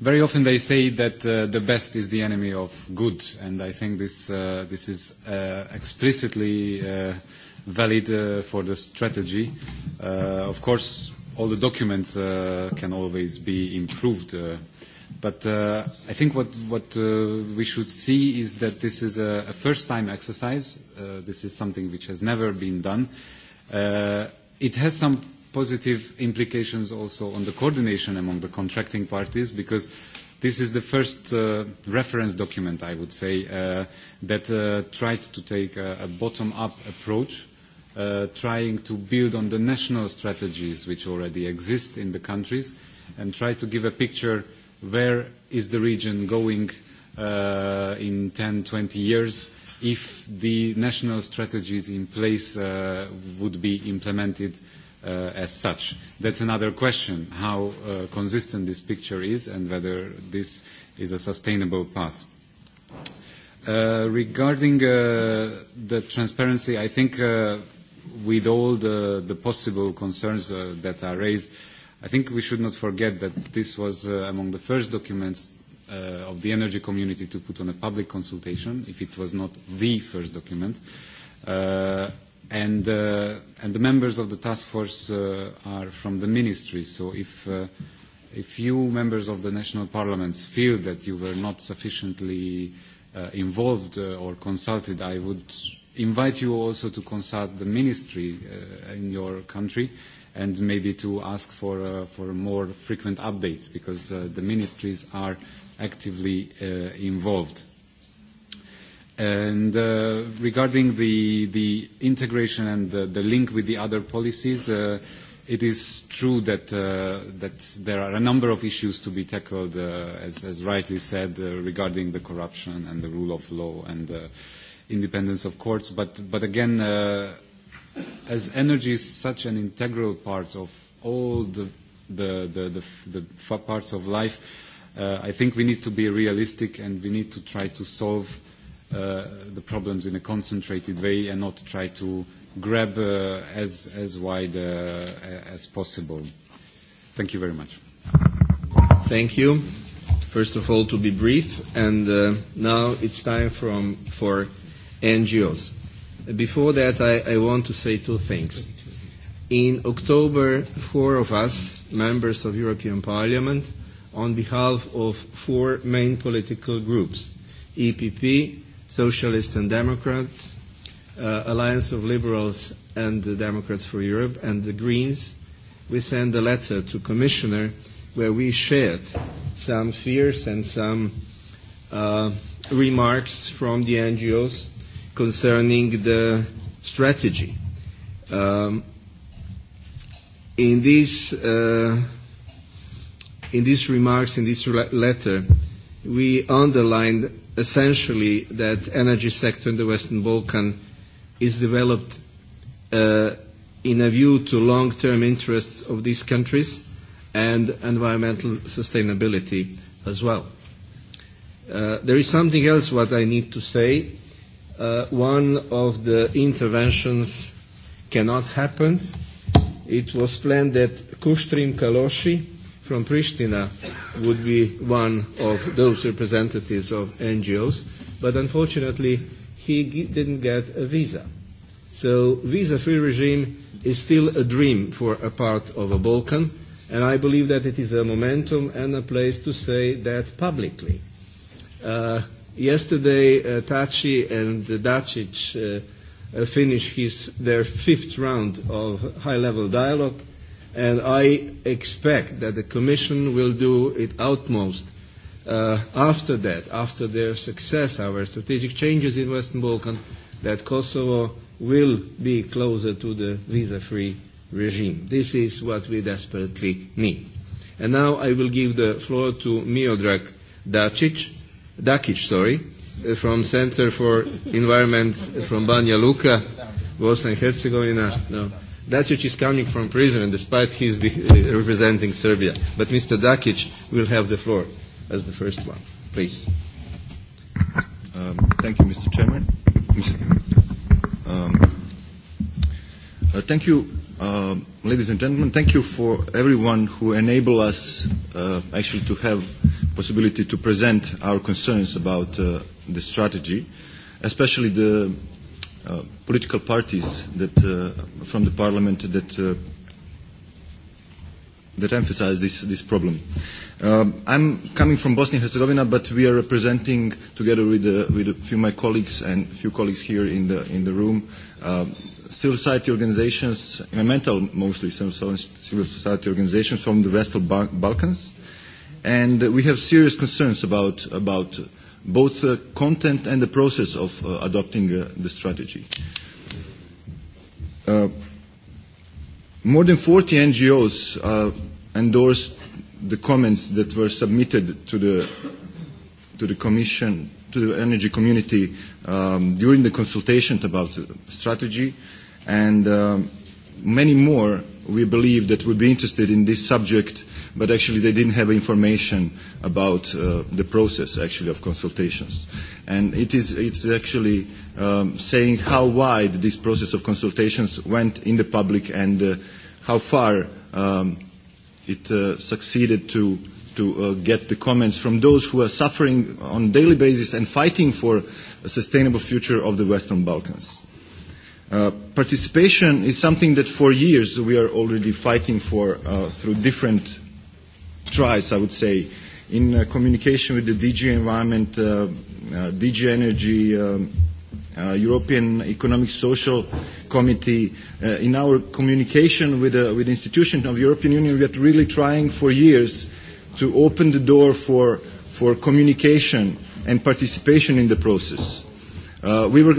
Very often they say that the best is the enemy of good, and I think this this is explicitly valid for the strategy. Of course, all the documents can always be improved But I think what what we should see is that this is a first-time exercise. This is something which has never been done. It has some positive implications also on the coordination among the contracting parties because this is the first reference document, I would say, that tried to take a bottom-up approach, trying to build on the national strategies which already exist in the countries and try to give a picture where is the region going in 10, 20 years if the national strategies in place would be implemented as such. That's another question, how consistent this picture is and whether this is a sustainable path. Regarding the transparency, I think with all the possible concerns that are raised, I think we should not forget that this was among the first documents of the energy community to put on a public consultation, if it was not the first document. And the members of the task force are from the ministry, so if you members of the national parliaments feel that you were not sufficiently involved or consulted, I would invite you also to consult the ministry in your country and maybe to ask for for more frequent updates because the ministries are actively involved. And regarding the the integration and the link with the other policies, it is true that that there are a number of issues to be tackled, as rightly said, regarding the corruption and the rule of law and the independence of courts. But again, as energy is such an integral part of all the the parts of life, I think we need to be realistic and we need to try to solve the problems in a concentrated way and not try to grab as wide as possible. Thank you very much. Thank you. First of all, to be brief, and now it's time for NGOs. Before that, I, I want to say two things. In October, four of us, members of European Parliament, on behalf of four main political groups, EPP, Socialists and Democrats, Alliance of Liberals and Democrats for Europe, and the Greens, we sent a letter to Commissioner where we shared some fears and some remarks from the NGOs concerning the strategy. In these in these remarks, in this letter, we underlined essentially that energy sector in the Western Balkan is developed in a view to long-term interests of these countries and environmental sustainability as well. There is something else what I need to say one of the interventions cannot happen. It was planned that Kushtrim Kaloshi from Pristina would be one of those representatives of NGOs, but unfortunately he didn't get a visa. So visa-free regime is still a dream for a part of a Balkan, and I believe that it is a momentum and a place to say that publicly. Yesterday, Tachi and Dacic finished their fifth round of high-level dialogue, and I expect that the Commission will do its utmost after that, after their success, our strategic changes in Western Balkan, that Kosovo will be closer to the visa-free regime. This is what we desperately need. And now I will give the floor to Miodrag Dacic Dakic, sorry, from Center for Environment from Banja Luka, Bosnia and Herzegovina. No. Dacic is coming from prison, despite he's representing Serbia. But Mr. Dakic will have the floor as the first one. Please. Um, thank you, Mr. Chairman. Um, thank you, ladies and gentlemen. Thank you for everyone who enable us actually to have possibility to present our concerns about the strategy, especially the political parties that from the Parliament that that emphasize this this problem. I'm coming from Bosnia and Herzegovina, but we are representing, together with with a few of my colleagues and a few colleagues here in the in the room, civil society organizations, environmental mostly civil society organizations from the Western Balkans and we have serious concerns about both the content and the process of adopting the strategy. More than 40 NGOs endorsed the comments that were submitted to the to the Commission, to the energy community during the consultation about the strategy, and many more we believe that would be interested in this subject but actually they didn't have information about the process actually of consultations. And it is it's actually saying how wide this process of consultations went in the public and how far it succeeded to to get the comments from those who are suffering on a daily basis and fighting for a sustainable future of the Western Balkans. Participation is something that for years we are already fighting for through different strides, I would say, in communication with the DG Environment, DG Energy, European Economic Social Committee, in our communication with the institution of the European Union, we are really trying for years to open the door for for communication and participation in the process. We were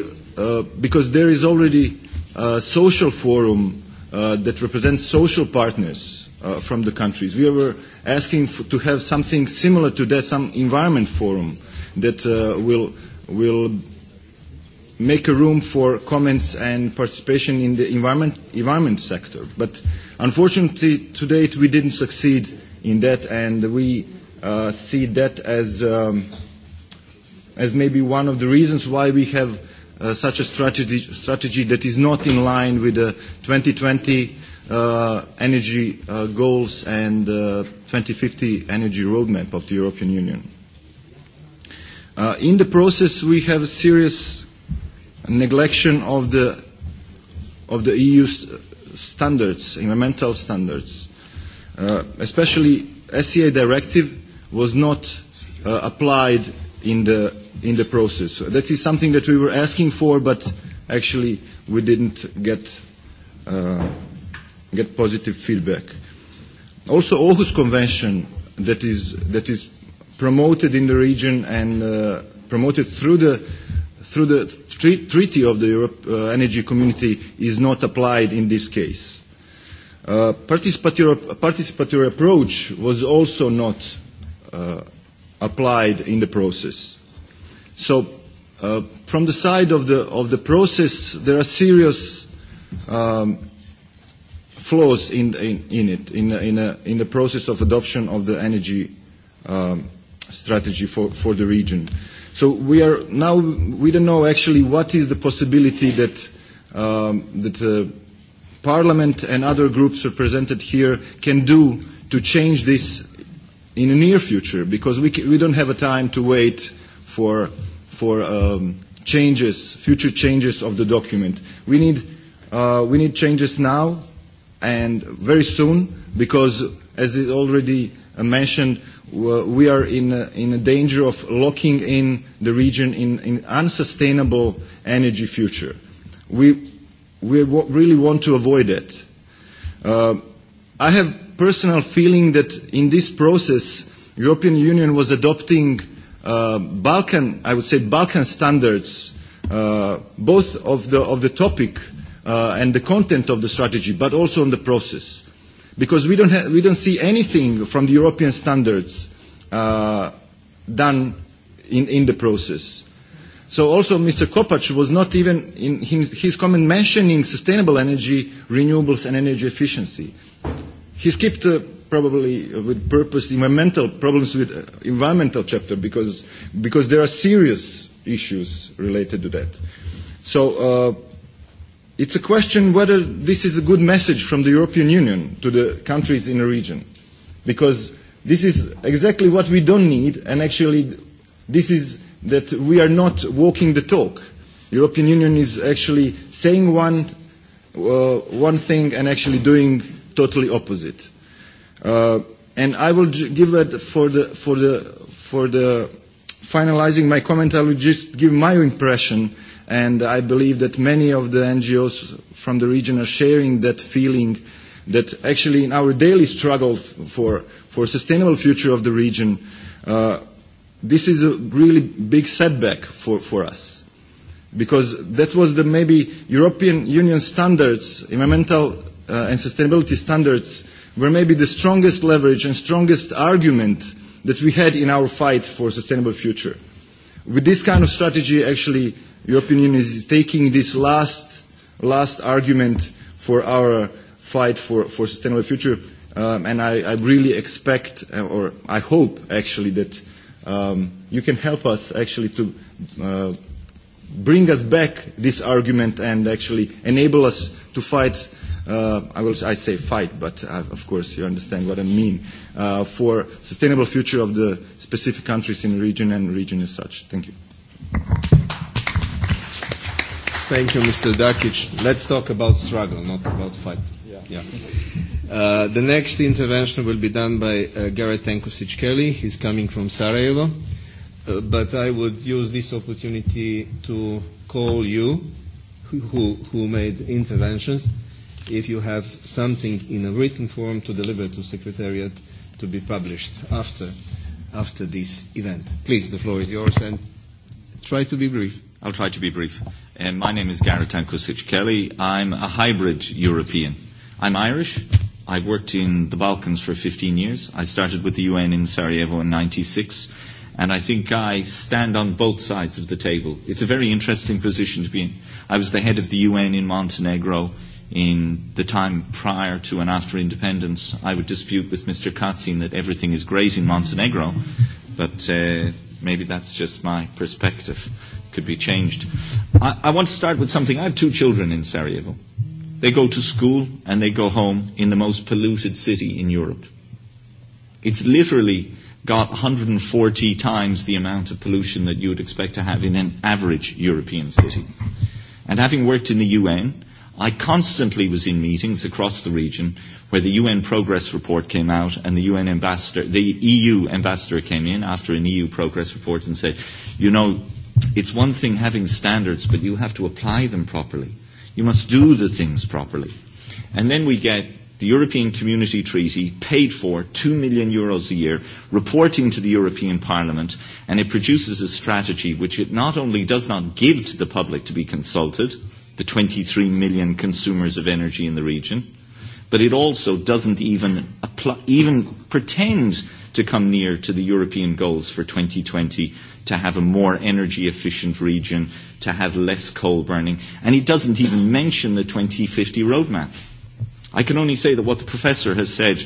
because there is already a social forum that represents social partners from the countries. We were asking to have something similar to that, some environment forum that will will make a room for comments and participation in the environment environment sector. But unfortunately, to date we didn't succeed in that, and we see that as as maybe one of the reasons why we have such a strategy strategy that is not in line with the 2020 energy goals and 2050 energy roadmap of the European Union. In the process, we have a serious neglection of the of the EU standards, environmental standards. Especially, SEA directive was not applied in the in the process. That is something that we were asking for, but actually we didn't get get positive feedback also Aarhus Convention that is that is promoted in the region and promoted through the through the treaty of the Europe Energy Community is not applied in this case. Participatory approach was also not applied in the process. So from the side of the of the process there are serious flaws in in it in in the process of adoption of the energy strategy for for the region. So we are now we don't know actually what is the possibility that that Parliament and other groups represented here can do to change this in the near future because we we don't have a time to wait for for changes future changes of the document. We need we need changes now and very soon, because as is already mentioned, we are in a danger of locking in the region in an unsustainable energy future. We we really want to avoid it. I have personal feeling that in this process, European Union was adopting Balkan, I would say Balkan standards, both of the of the topic and the content of the strategy, but also on the process. Because we don't we don't see anything from the European standards done in in the process. So also Mr. Kopacz was not even in his comment mentioning sustainable energy, renewables and energy efficiency. He skipped probably with purpose environmental problems with environmental chapter because there are serious issues related to that. So It's a question whether this is a good message from the European Union to the countries in the region, because this is exactly what we don't need, and actually this is that we are not walking the talk. The European Union is actually saying one one thing and actually doing totally opposite. And I will give that for the for the for the finalizing my comment. I will just give my impression and I believe that many of the NGOs from the region are sharing that feeling that actually in our daily struggle for for sustainable future of the region, this is a really big setback for for us, because that was the maybe European Union standards, environmental and sustainability standards, were maybe the strongest leverage and strongest argument that we had in our fight for a sustainable future. With this kind of strategy, actually European Union is taking this last last argument for our fight for for sustainable future and I really expect or I hope actually that you can help us actually to bring us back this argument and actually enable us to fight I will I say fight but of course you understand what I mean for sustainable future of the specific countries in the region and region as such. Thank you. Thank you, Mr. Dakic. Let's talk about struggle, not about fight. Yeah. The next intervention will be done by Garrett Tankosic Kelly. He's coming from Sarajevo. But I would use this opportunity to call you, who who made interventions, if you have something in a written form to deliver to Secretariat to be published after after this event. Please, the floor is yours and try to be brief. I'll try to be brief. My name is Garrett Ankusic kelly I'm a hybrid European. I'm Irish. I've worked in the Balkans for 15 years. I started with the UN in Sarajevo in 96, and I think I stand on both sides of the table. It's a very interesting position to be in. I was the head of the UN in Montenegro in the time prior to and after independence. I would dispute with Mr. Katzin that everything is great in Montenegro, but maybe that's just my perspective could be changed. I, I want to start with something. I have two children in Sarajevo. They go to school and they go home in the most polluted city in Europe. It's literally got 140 times the amount of pollution that you would expect to have in an average European city. And having worked in the UN, I constantly was in meetings across the region where the UN progress report came out and the UN ambassador, the EU ambassador came in after an EU progress report and said, you know, it's one thing having standards, but you have to apply them properly. You must do the things properly. And then we get the European Community Treaty paid for two million euros a year, reporting to the European Parliament, and it produces a strategy which it not only does not give to the public to be consulted, the 23 million consumers of energy in the region, but it also doesn't even even pretend to come near to the European goals for 2020 to have a more energy efficient region, to have less coal burning, and it doesn't even mention the 2050 roadmap. I can only say that what the professor has said,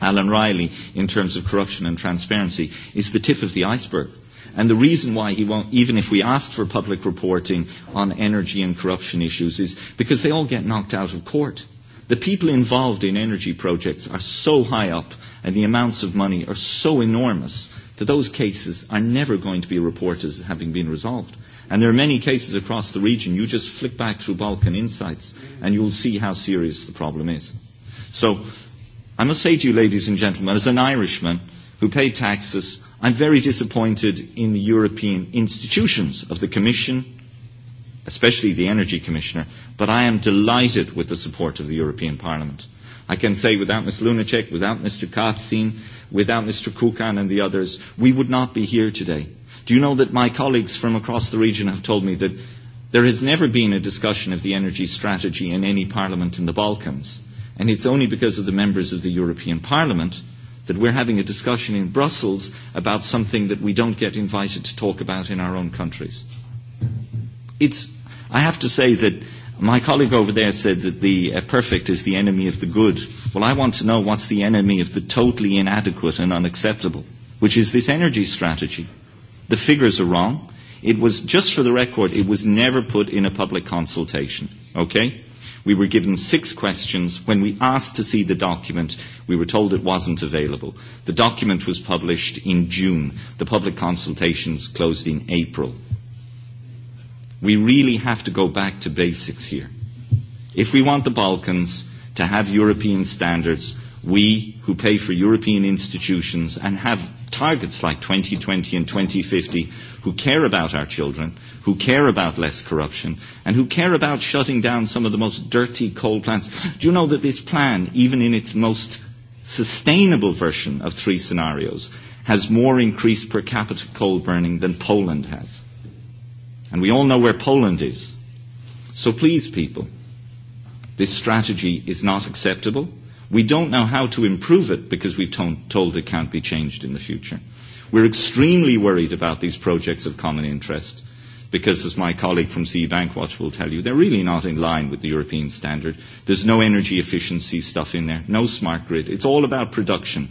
Alan Riley, in terms of corruption and transparency, is the tip of the iceberg. And the reason why he won't, even if we asked for public reporting on energy and corruption issues, is because they all get knocked out of court. The people involved in energy projects are so high up and the amounts of money are so enormous that those cases are never going to be reported as having been resolved. And there are many cases across the region. You just flick back through Balkan Insights and you'll see how serious the problem is. So I must say to you, ladies and gentlemen, as an Irishman who paid taxes, I'm very disappointed in the European institutions of the Commission, especially the Energy Commissioner, but I am delighted with the support of the European Parliament. I can say without Ms. Lunacek, without Mr. Katzin, without Mr. Kukan and the others, we would not be here today. Do you know that my colleagues from across the region have told me that there has never been a discussion of the energy strategy in any parliament in the Balkans, and it's only because of the members of the European Parliament that we're having a discussion in Brussels about something that we don't get invited to talk about in our own countries it's I have to say that my colleague over there said that the perfect is the enemy of the good. Well, I want to know what's the enemy of the totally inadequate and unacceptable, which is this energy strategy. The figures are wrong. It was, just for the record, it was never put in a public consultation, okay? We were given six questions. When we asked to see the document, we were told it wasn't available. The document was published in June. The public consultations closed in April We really have to go back to basics here. If we want the Balkans to have European standards, we who pay for European institutions and have targets like 2020 and 2050, who care about our children, who care about less corruption, and who care about shutting down some of the most dirty coal plants. Do you know that this plan, even in its most sustainable version of three scenarios, has more increased per capita coal burning than Poland has? And we all know where Poland is. So please, people, this strategy is not acceptable. We don't know how to improve it because we've told it can't be changed in the future. We're extremely worried about these projects of common interest because, as my colleague from C Bank Watch will tell you, they're really not in line with the European standard. There's no energy efficiency stuff in there, no smart grid. It's all about production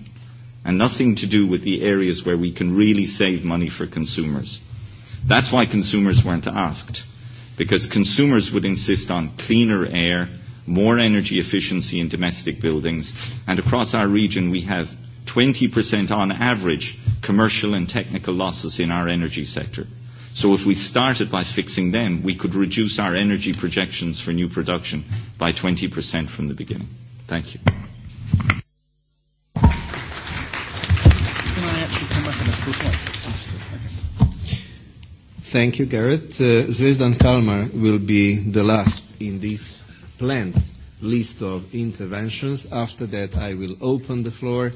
and nothing to do with the areas where we can really save money for consumers. That's why consumers weren't asked, because consumers would insist on cleaner air, more energy efficiency in domestic buildings, and across our region we have 20% on average commercial and technical losses in our energy sector. So if we started by fixing them, we could reduce our energy projections for new production by 20% from the beginning. Thank you. Can I actually come a Thank you, Garrett. Zvezdan Kalmar will be the last in this planned list of interventions. After that, I will open the floor.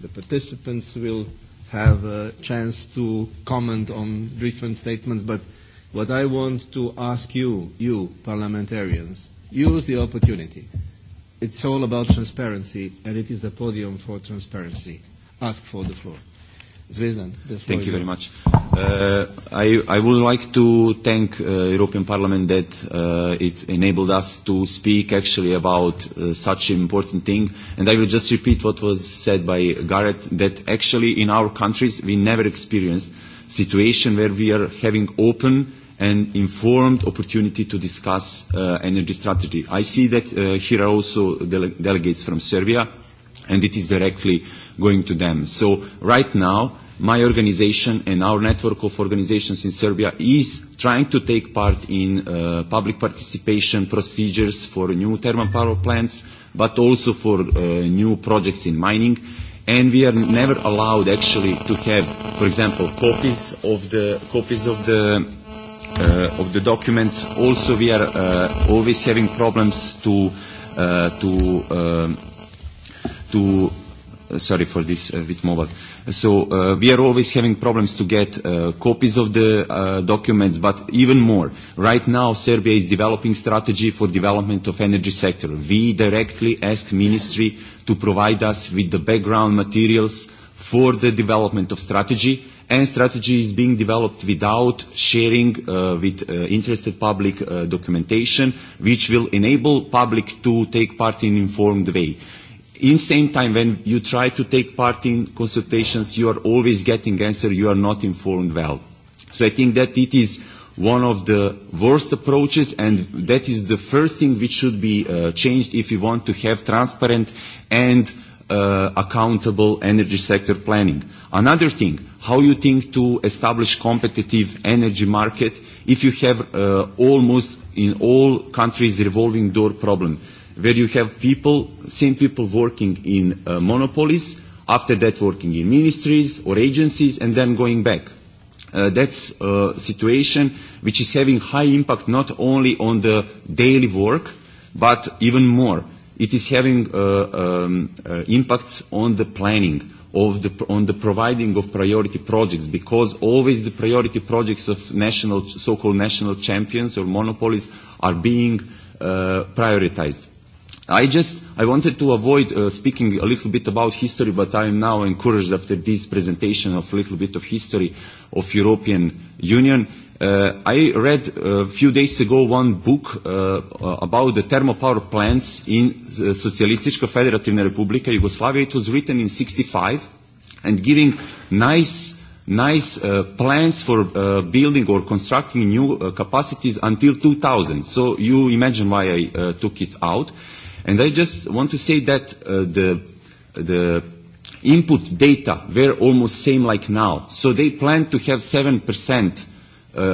The participants will have a chance to comment on different statements, but what I want to ask you, you parliamentarians, use the opportunity. It's all about transparency, and it is a podium for transparency. Ask for the floor. Zvezdan, Thank you very much. I I would like to thank European Parliament that it enabled us to speak actually about such important thing. And I will just repeat what was said by Gareth that actually in our countries we never experienced situation where we are having open and informed opportunity to discuss energy strategy. I see that here are also delegates from Serbia and it is directly going to them. So right now, my organization and our network of organizations in Serbia is trying to take part in public participation procedures for new thermal power plants, but also for new projects in mining. And we are never allowed actually to have, for example, copies of the copies of the of the documents. Also, we are always having problems to to sorry for this with mobile. So we are always having problems to get copies of the documents, but even more. Right now, Serbia is developing strategy for development of energy sector. We directly asked ministry to provide us with the background materials for the development of strategy, and strategy is being developed without sharing with interested public documentation, which will enable public to take part in informed way in same time when you try to take part in consultations you are always getting answer you are not informed well so i think that it is one of the worst approaches and that is the first thing which should be changed if you want to have transparent and accountable energy sector planning another thing how you think to establish competitive energy market if you have almost in all countries revolving door problem where you have people, same people working in monopolies, after that working in ministries or agencies, and then going back. That's a situation which is having high impact not only on the daily work, but even more. It is having impacts on the planning, on the providing of priority projects, because always the priority projects of national, so-called national champions or monopolies are being prioritized. I just I wanted to avoid speaking a little bit about history, but I am now encouraged after this presentation of a little bit of history of European Union. I read a few days ago one book about the power plants in the Socialistička Federativna Republika Yugoslavia. It was written in 65 and giving nice nice plans for building or constructing new capacities until 2000. So you imagine why I took it out. And I just want to say that the the input data were almost same like now. So they plan to have 7%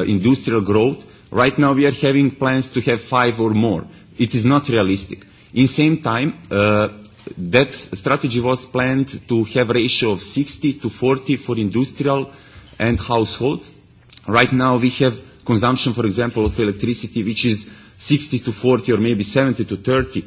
industrial growth. Right now we are having plans to have 5 or more. It is not realistic. In same time, that strategy was planned to have a ratio of 60 to 40 for industrial and households. Right now we have consumption, for example, of electricity, which is 60 to 40 or maybe 70 to 30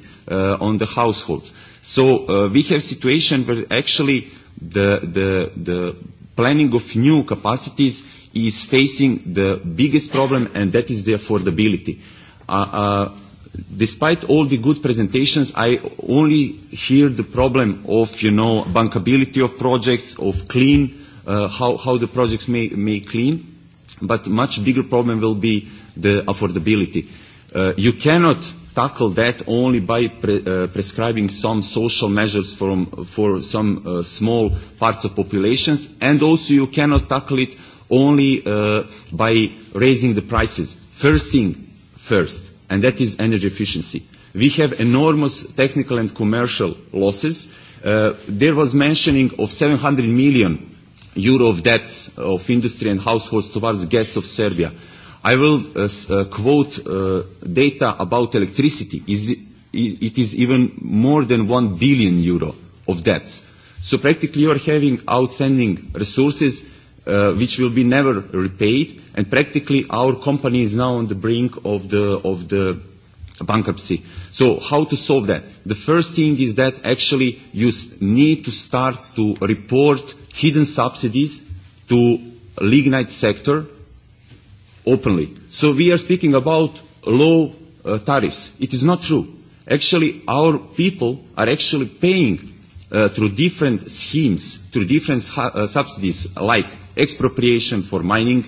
on the households. So we have a situation where actually the, the, the planning of new capacities is facing the biggest problem and that is the affordability. Despite all the good presentations, I only hear the problem of, you know, bankability of projects, of clean, how, how the projects may, may clean, but much bigger problem will be the affordability. You cannot tackle that only by prescribing some social measures for some small parts of populations, and also you cannot tackle it only by raising the prices. First thing first, and that is energy efficiency. We have enormous technical and commercial losses. There was mentioning of 700 million euro of debts of industry and households towards gas of Serbia. I will quote data about electricity. It is even more than 1 billion euro of debts. So practically you are having outstanding resources which will be never repaid, and practically our company is now on the brink of the of the bankruptcy. So how to solve that? The first thing is that actually you need to start to report hidden subsidies to lignite sector openly. So we are speaking about low tariffs. It is not true. Actually, our people are actually paying through different schemes, through different subsidies like expropriation for mining,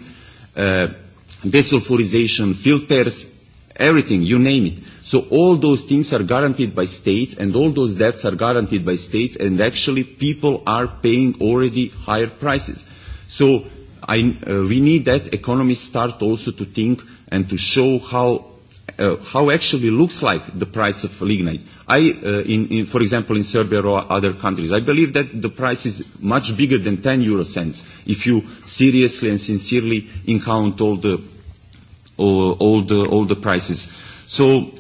desulfurization, filters, everything, you name it. So all those things are guaranteed by states and all those debts are guaranteed by states and actually people are paying already higher prices. So We need that economists start also to think and to show how how actually looks like the price of lignite. I, in, for example, in Serbia or other countries, I believe that the price is much bigger than 10 euro cents if you seriously and sincerely encounter all the, all the, all the prices. So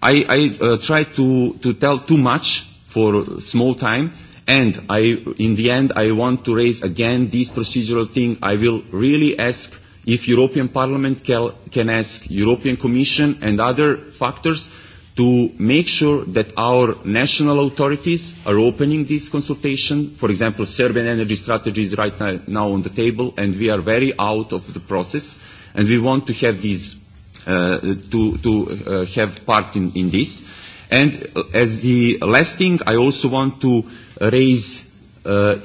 I, I try to, to tell too much for small time And in the end, I want to raise again this procedural thing. I will really ask if European Parliament can ask European Commission and other factors to make sure that our national authorities are opening this consultation. For example, Serbian energy strategy is right now on the table, and we are very out of the process, and we want to have these to have part in this. And as the last thing, I also want to raise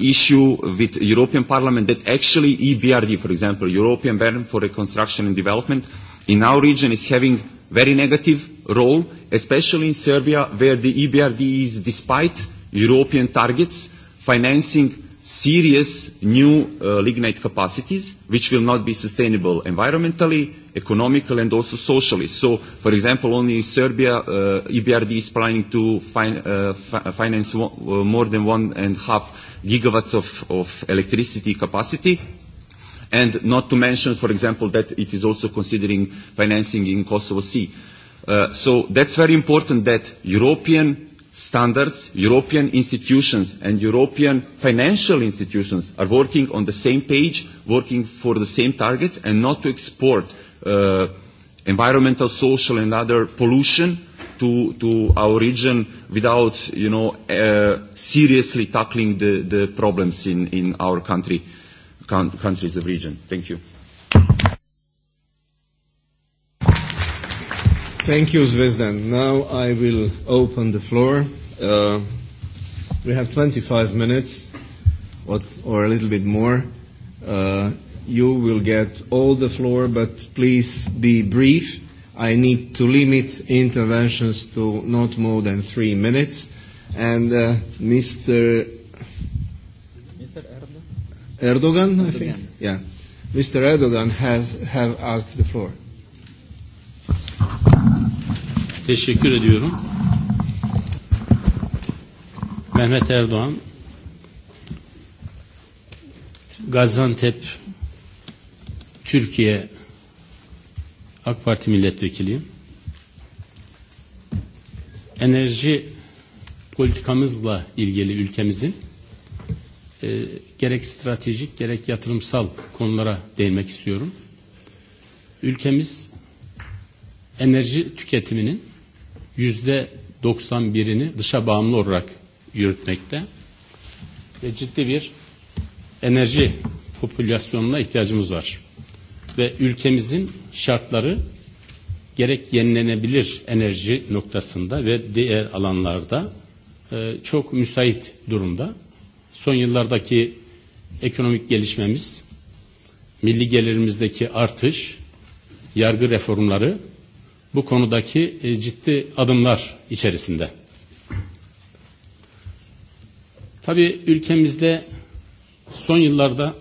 issue with European Parliament that actually EBRD, for example, European Bank for Reconstruction and Development, in our region is having very negative role, especially in Serbia, where the EBRD is, despite European targets, financing serious new lignite capacities which will not be sustainable environmentally, economically and also socially. So, for example, only in Serbia, EBRD is planning to finance more than one and a half gigawatts of electricity capacity. And not to mention, for example, that it is also considering financing in Kosovo Sea. So that's very important that European standards, European institutions and European financial institutions are working on the same page, working for the same targets and not to export environmental, social and other pollution to our region without you know seriously tackling the problems in our countries of region. Thank you. Thank you, Zvezdan. Now I will open the floor. Uh, we have 25 minutes, or a little bit more. Uh, you will get all the floor, but please be brief. I need to limit interventions to not more than three minutes. And Mr. Mr. Erdogan? Erdogan, I think. Yeah. Mr. Erdogan has have asked the floor. Teşekkür ediyorum. Mehmet Erdoğan Gaziantep Türkiye AK Parti milletvekiliyim. Enerji politikamızla ilgili ülkemizin e, gerek stratejik gerek yatırımsal konulara değinmek istiyorum. Ülkemiz enerji tüketiminin yüzde 91'ini dışa bağımlı olarak yürütmekte ve ciddi bir enerji popülasyonuna ihtiyacımız var. Ve ülkemizin şartları gerek yenilenebilir enerji noktasında ve diğer alanlarda çok müsait durumda. Son yıllardaki ekonomik gelişmemiz, milli gelirimizdeki artış, yargı reformları bu konudaki ciddi adımlar içerisinde. Tabii ülkemizde son yıllarda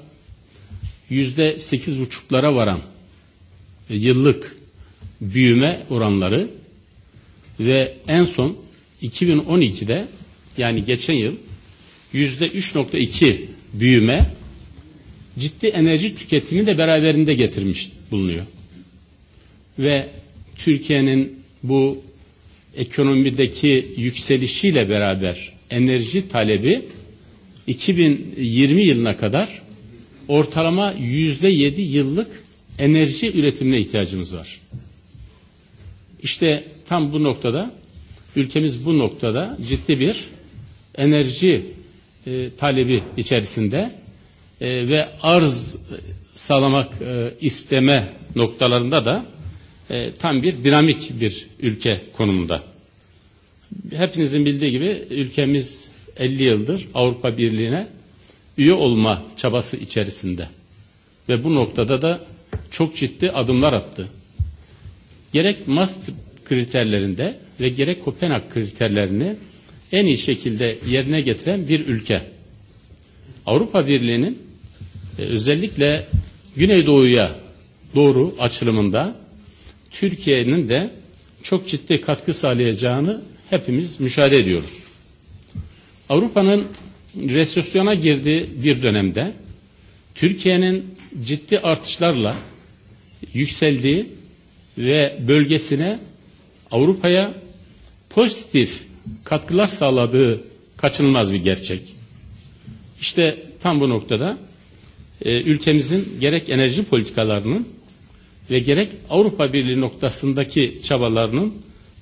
yüzde sekiz buçuklara varan yıllık büyüme oranları ve en son 2012'de yani geçen yıl yüzde 3.2 büyüme ciddi enerji tüketimini de beraberinde getirmiş bulunuyor. Ve Türkiye'nin bu ekonomideki yükselişiyle beraber enerji talebi 2020 yılına kadar ortalama yüzde yedi yıllık enerji üretimine ihtiyacımız var. İşte tam bu noktada ülkemiz bu noktada ciddi bir enerji e, talebi içerisinde e, ve arz sağlamak e, isteme noktalarında da tam bir dinamik bir ülke konumunda. Hepinizin bildiği gibi ülkemiz 50 yıldır Avrupa Birliği'ne üye olma çabası içerisinde. Ve bu noktada da çok ciddi adımlar attı. Gerek mast kriterlerinde ve gerek Kopenhag kriterlerini en iyi şekilde yerine getiren bir ülke. Avrupa Birliği'nin özellikle Güneydoğu'ya doğru açılımında Türkiye'nin de çok ciddi katkı sağlayacağını hepimiz müşahede ediyoruz. Avrupa'nın resesyona girdiği bir dönemde Türkiye'nin ciddi artışlarla yükseldiği ve bölgesine Avrupa'ya pozitif katkılar sağladığı kaçınılmaz bir gerçek. İşte tam bu noktada ülkemizin gerek enerji politikalarının ve gerek Avrupa Birliği noktasındaki çabalarının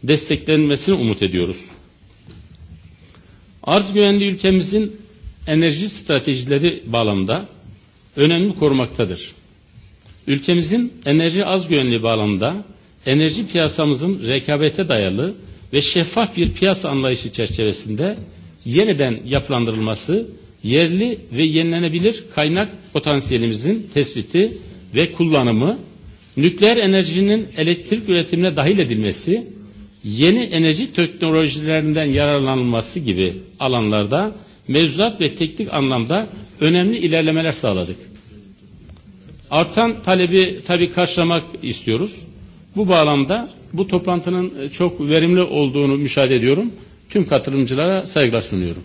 desteklenmesini umut ediyoruz. Arz güvenli ülkemizin enerji stratejileri bağlamında önemli korumaktadır. Ülkemizin enerji az güvenliği bağlamında enerji piyasamızın rekabete dayalı ve şeffaf bir piyasa anlayışı çerçevesinde yeniden yapılandırılması, yerli ve yenilenebilir kaynak potansiyelimizin tespiti ve kullanımı nükleer enerjinin elektrik üretimine dahil edilmesi, yeni enerji teknolojilerinden yararlanılması gibi alanlarda mevzuat ve teknik anlamda önemli ilerlemeler sağladık. Artan talebi tabii karşılamak istiyoruz. Bu bağlamda bu toplantının çok verimli olduğunu müşahede ediyorum. Tüm katılımcılara saygılar sunuyorum.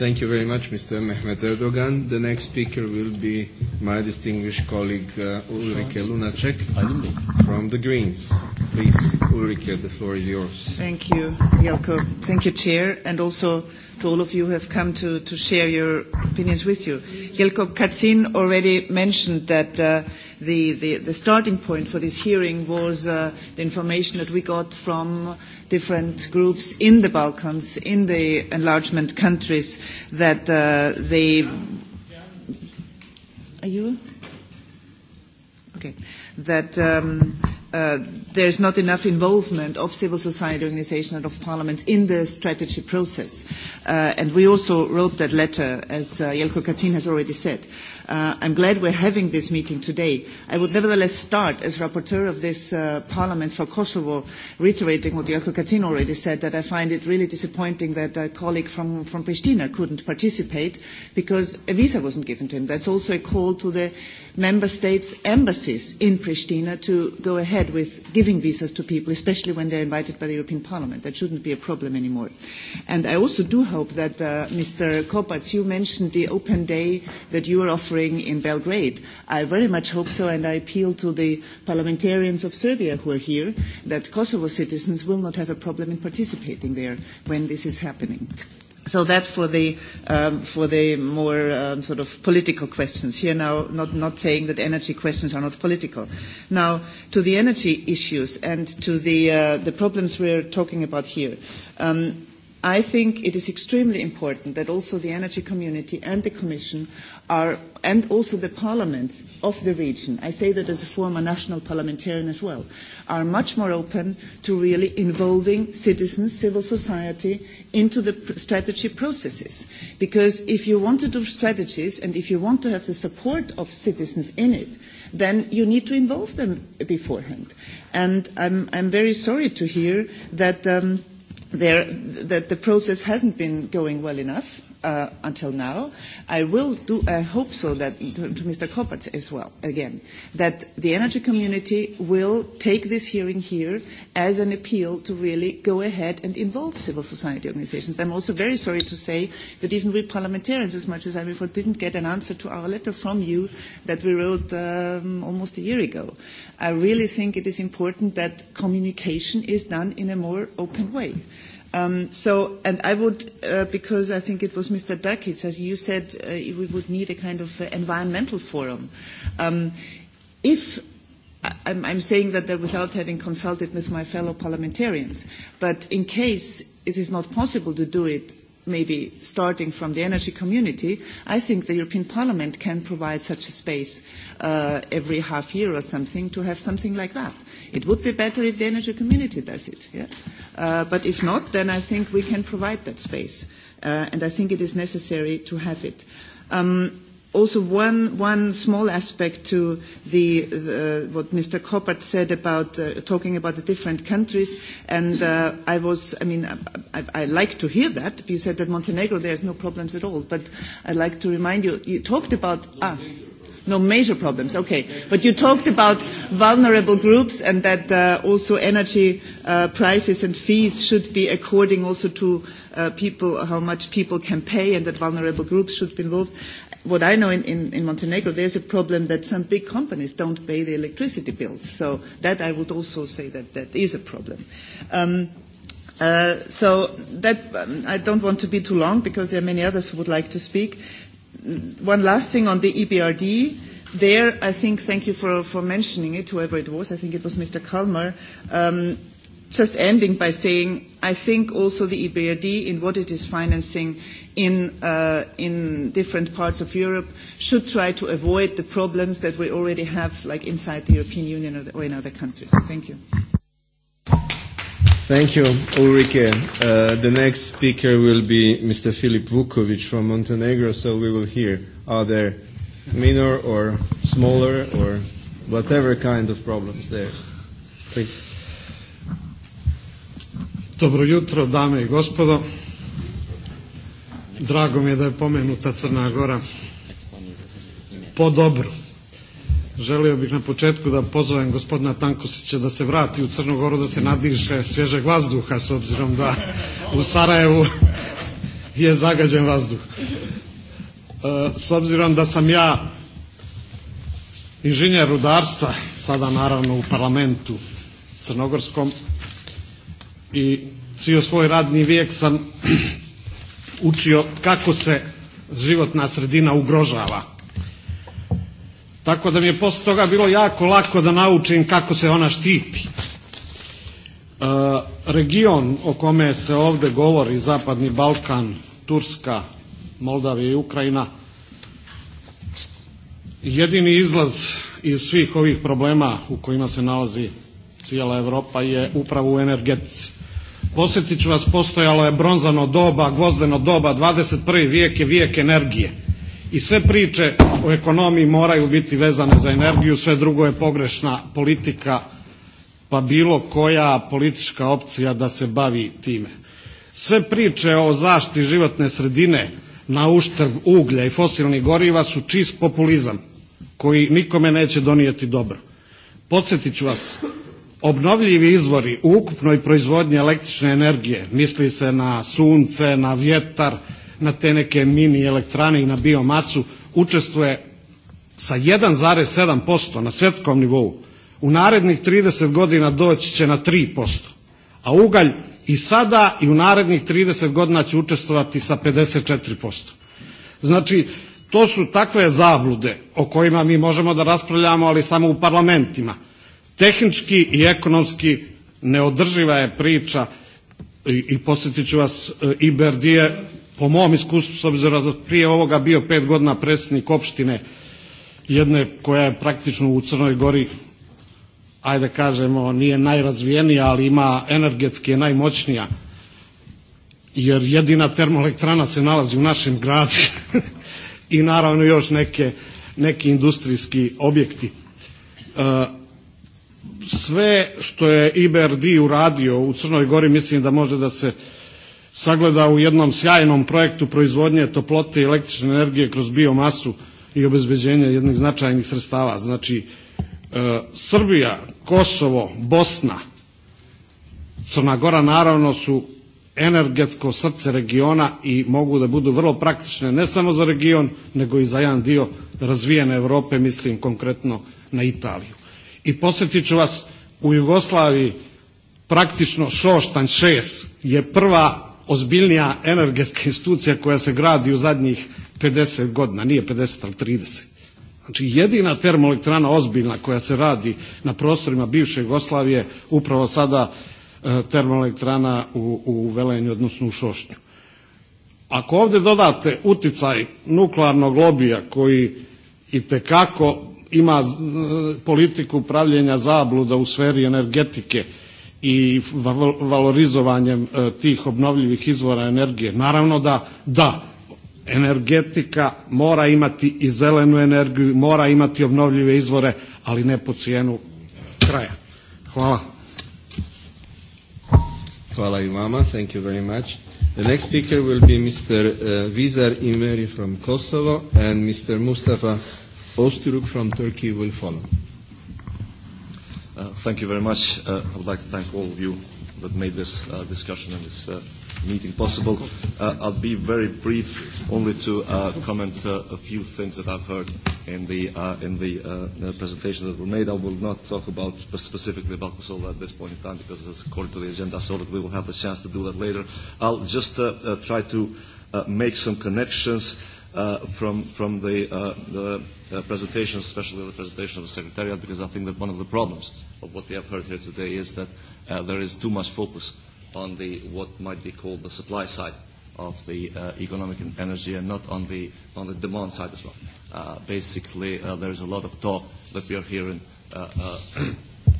Thank you very much, Mr. Mehmet Erdogan. The next speaker will be my distinguished colleague Ulrike Lunacek from the Greens. Please, Ulrike, the floor is yours. Thank you, Jelko. Thank you, Chair, and also to all of you who have come to, to share your opinions with you. Jelko Katzin already mentioned that the, the, the starting point for this hearing was the information that we got from different groups in the Balkans, in the enlargement countries, that they are you okay that there's not enough involvement of civil society organizations and of parliaments in the strategy process. And we also wrote that letter, as Jelko Katin has already said. I'm glad we're having this meeting today. I would nevertheless start as rapporteur of this Parliament for Kosovo, reiterating what Jelko Kacin already said, that I find it really disappointing that a colleague from Pristina couldn't participate because a visa wasn't given to him. That's also a call to the member states' embassies in Pristina to go ahead with giving visas to people, especially when they're invited by the European Parliament. That shouldn't be a problem anymore. And I also do hope that, Mr. Kopacz, you mentioned the open day that you are offering in Belgrade. I very much hope so, and I appeal to the parliamentarians of Serbia who are here that Kosovo citizens will not have a problem in participating there when this is happening. So that for the for the more sort of political questions here now, not not saying that energy questions are not political. Now to the energy issues and to the the problems are talking about here. I think it is extremely important that also the energy community and the Commission and also the parliaments of the region i say that as a former national parliamentarian as well are much more open to really involving citizens civil society into the strategy processes because if you want to do strategies and if you want to have the support of citizens in it then you need to involve them beforehand and i'm i'm very sorry to hear that that the process hasn't been going well enough until now. I will do, I hope so that to Mr. Koppert as well, again, that the energy community will take this hearing here as an appeal to really go ahead and involve civil society organizations. I'm also very sorry to say that even we parliamentarians, as much as I before, didn't get an answer to our letter from you that we wrote almost a year ago. I really think it is important that communication is done in a more open way So, and I would, because I think it was Mr. Dukic, as you said, we would need a kind of environmental forum. If, I'm saying that without having consulted with my fellow parliamentarians, but in case it is not possible to do it maybe starting from the energy community, I think the European Parliament can provide such a space every half year or something to have something like that. It would be better if the energy community does it. But if not, then I think we can provide that space. And I think it is necessary to have it also one one small aspect to the what Mr. Coppert said about talking about the different countries, and I was, I mean, I like to hear that. You said that Montenegro there's no problems at all, but I like to remind you, you talked about No major problems, okay. But you talked about vulnerable groups and that also energy prices and fees should be according also to people, how much people can pay and that vulnerable groups should be involved what I know in Montenegro, there is a problem that some big companies don't pay the electricity bills. So that I would also say that that is a problem. So that I don't want to be too long because there are many others who would like to speak. One last thing on the EBRD. There, I think, thank you for mentioning it, whoever it was. I think it was Mr. Kalmar. Just ending by saying, I think also the EBRD in what it is financing in in different parts of Europe should try to avoid the problems that we already have, like inside the European Union or in other countries. Thank you. Thank you, Ulrike. The next speaker will be Mr. Filip Vukovic from Montenegro, so we will hear are there minor or smaller or whatever kind of problems there. Dobro jutro, dame i gospodo. Drago mi je da je pomenuta Crna Gora po dobru. Želio bih na početku da pozovem gospodina Tankosića da se vrati u Crnu Goru, da se nadiše svježeg vazduha, s obzirom da u Sarajevu je zagađen vazduh. S obzirom da sam ja inženjer rudarstva, sada naravno u parlamentu crnogorskom, i čio svoj radni vijek sam učio kako se životna sredina ugrožava. Tako da mi je posle toga bilo jako lako da naučim kako se ona štiti. region o kome se ovde govori, Zapadni Balkan, Turska, Moldavija i Ukrajina, jedini izlaz iz svih ovih problema u kojima se nalazi cijela Europa je upravo u energetici. Posjetit ću vas, postojalo je bronzano doba, gvozdeno doba, 21. vijek je vijek energije. I sve priče o ekonomiji moraju biti vezane za energiju, sve drugo je pogrešna politika, pa bilo koja politička opcija da se bavi time. Sve priče o zaštiti životne sredine na uštrb uglja i fosilnih goriva su čist populizam koji nikome neće donijeti dobro. Podsjetit ću vas, Obnovljivi izvori u ukupnoj proizvodnji električne energije, misli se na sunce, na vjetar, na te neke mini elektrane i na biomasu, učestvuje sa 1,7% na svjetskom nivou. U narednih 30 godina doći će na 3%, a ugalj i sada i u narednih 30 godina će učestvovati sa 54%. Znači, to su takve zablude o kojima mi možemo da raspravljamo, ali samo u parlamentima tehnički i ekonomski neodrživa je priča i posjetit ću vas i je po mom iskustvu s obzirom da prije ovoga bio pet godina predsjednik opštine jedne koja je praktično u Crnoj Gori ajde kažemo nije najrazvijenija ali ima energetski je najmoćnija jer jedina termoelektrana se nalazi u našem gradu i naravno još neke, neki industrijski objekti sve što je IBRD uradio u Crnoj Gori mislim da može da se sagleda u jednom sjajnom projektu proizvodnje toplote i električne energije kroz biomasu i obezbeđenje jednih značajnih sredstava. Znači, Srbija, Kosovo, Bosna, Crna Gora naravno su energetsko srce regiona i mogu da budu vrlo praktične ne samo za region, nego i za jedan dio razvijene Europe, mislim konkretno na Italiju. I podsjetit ću vas, u Jugoslaviji praktično Šoštanj 6 je prva ozbiljnija energetska institucija koja se gradi u zadnjih 50 godina, nije 50 ali 30. Znači jedina termoelektrana ozbiljna koja se radi na prostorima bivše Jugoslavije upravo sada termoelektrana u, u Velenju, odnosno u Šoštnju. Ako ovdje dodate uticaj nuklearnog lobija koji i kako ima politiku pravljenja zabluda u sferi energetike i valorizovanjem tih obnovljivih izvora energije. Naravno da da, energetika mora imati i zelenu energiju, mora imati obnovljive izvore, ali ne po cijenu kraja. Hvala. Hvala i vama. Thank you very much. The next speaker will be Mr. Vizar Imeri from Kosovo and Mr. Mustafa from Turkey will follow. Thank you very much. I would like to thank all of you that made this discussion and this meeting possible. I'll be very brief, only to comment a few things that I've heard in the in the presentation that were made. I will not talk about specifically about Kosovo at this point in time because it's according to the agenda, so that we will have the chance to do that later. I'll just try to make some connections from from the the presentations, especially the presentation of the Secretariat, because I think that one of the problems of what we have heard here today is that there is too much focus on the what might be called the supply side of the economic and energy and not on the on the demand side as well. Basically, there is a lot of talk that we are hearing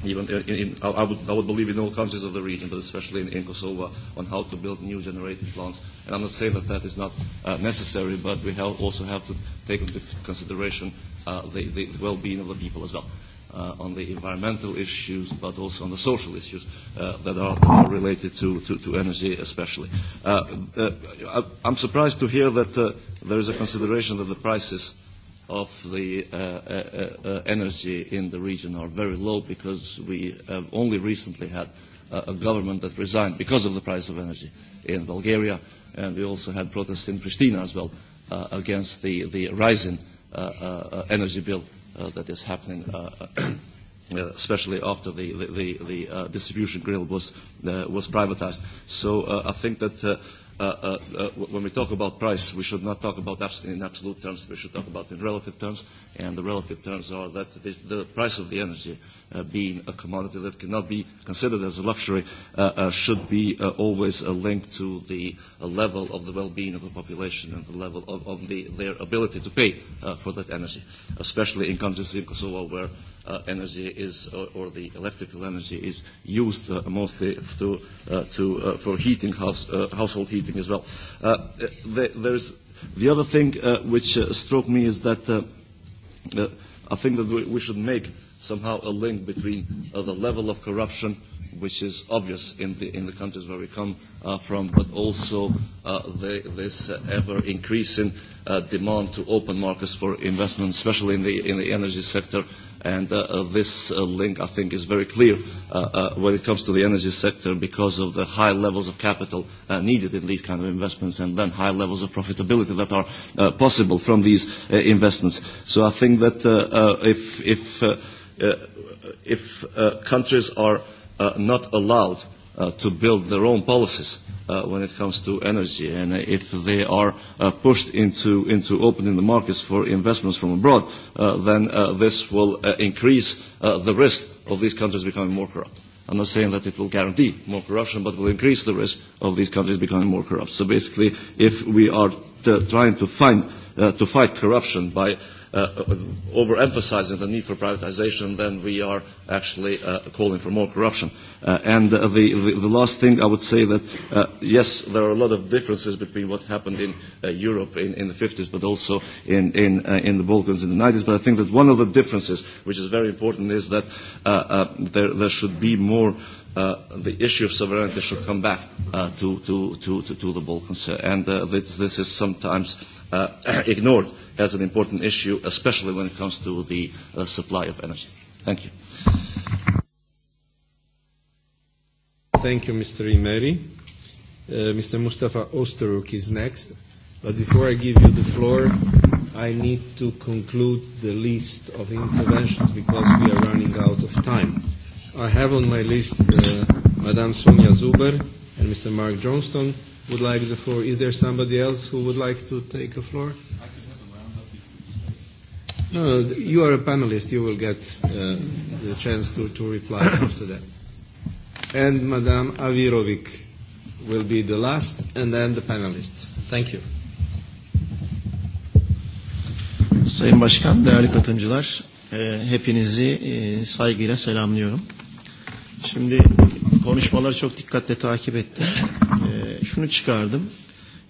even in, I, would, I would believe in all countries of the region, but especially in, in Kosovo, on how to build new generating plants. And I'm not saying that that is not necessary, but we have also have to take into consideration the, the well-being of the people as well, on the environmental issues, but also on the social issues that are related to, to, to energy especially. I'm surprised to hear that there is a consideration that the prices of the energy in the region are very low because we have only recently had a government that resigned because of the price of energy in Bulgaria and we also had protests in Pristina as well against the the rising energy bill that is happening especially after the the the distribution grill was was privatized so I think that when we talk about price, we should not talk about in absolute terms. We should talk about in relative terms. And the relative terms are that the price of the energy, being a commodity that cannot be considered as a luxury, should be always linked to the level of the well-being of the population and the level of their ability to pay for that energy, especially in countries in Kosovo where energy is or the electrical energy is used mostly to to for heating household heating as well. the other thing which struck me is that I think that we should make somehow a link between the level of corruption which is obvious in the in the countries where we come from, but also this ever-increasing demand to open markets for investment, especially in the energy sector, And this link, I think, is very clear when it comes to the energy sector because of the high levels of capital needed in these kind of investments and then high levels of profitability that are possible from these investments. So I think that if if if countries are not allowed to build their own policies when it comes to energy. And if they are pushed into into opening the markets for investments from abroad, then this will increase the risk of these countries becoming more corrupt. I'm not saying that it will guarantee more corruption, but will increase the risk of these countries becoming more corrupt. So basically, if we are trying to find to fight corruption by overemphasizing the need for privatization, then we are actually calling for more corruption. And the last thing I would say that, yes, there are a lot of differences between what happened in Europe in the 50s, but also in the Balkans in the 90s. But I think that one of the differences, which is very important, is that there should be more the issue of sovereignty should come back to the Balkans. And this is sometimes ignored as an important issue, especially when it comes to the supply of energy. Thank you. Thank you, Mr. Imeri. Mr. Mustafa Osteruk is next. But before I give you the floor, I need to conclude the list of interventions because we are running out of time. I have on my list Madame Sonia Zuber and Mr. Mark Johnston would like the floor. Is there somebody else who would like to take the floor? No, you are a panelist. You will get the chance to, to reply after that. And Madame Avirovic will be the last, and then the panelists. Thank you. Sayın Başkan, değerli katılımcılar, hepinizi saygıyla selamlıyorum. Şimdi konuşmaları çok dikkatle takip ettim şunu çıkardım.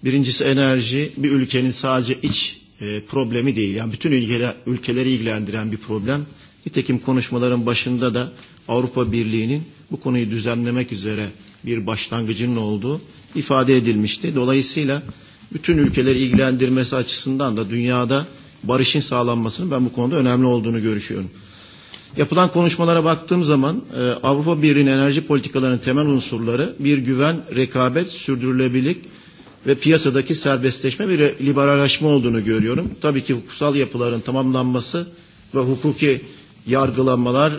Birincisi enerji bir ülkenin sadece iç problemi değil. Yani bütün ülkeler, ülkeleri ilgilendiren bir problem. Nitekim konuşmaların başında da Avrupa Birliği'nin bu konuyu düzenlemek üzere bir başlangıcının olduğu ifade edilmişti. Dolayısıyla bütün ülkeleri ilgilendirmesi açısından da dünyada barışın sağlanmasının ben bu konuda önemli olduğunu görüşüyorum. Yapılan konuşmalara baktığım zaman Avrupa Birliği'nin enerji politikalarının temel unsurları bir güven, rekabet, sürdürülebilirlik ve piyasadaki serbestleşme ve liberalleşme olduğunu görüyorum. Tabii ki hukuksal yapıların tamamlanması ve hukuki yargılanmalar,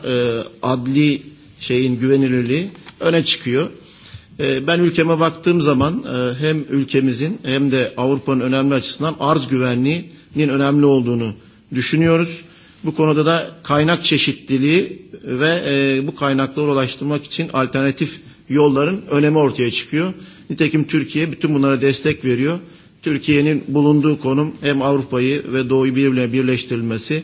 adli şeyin güvenilirliği öne çıkıyor. Ben ülkeme baktığım zaman hem ülkemizin hem de Avrupa'nın önemli açısından arz güvenliğinin önemli olduğunu düşünüyoruz. Bu konuda da kaynak çeşitliliği ve e, bu kaynakları ulaştırmak için alternatif yolların önemi ortaya çıkıyor. Nitekim Türkiye bütün bunlara destek veriyor. Türkiye'nin bulunduğu konum hem Avrupa'yı ve Doğu'yu birbirine birleştirilmesi,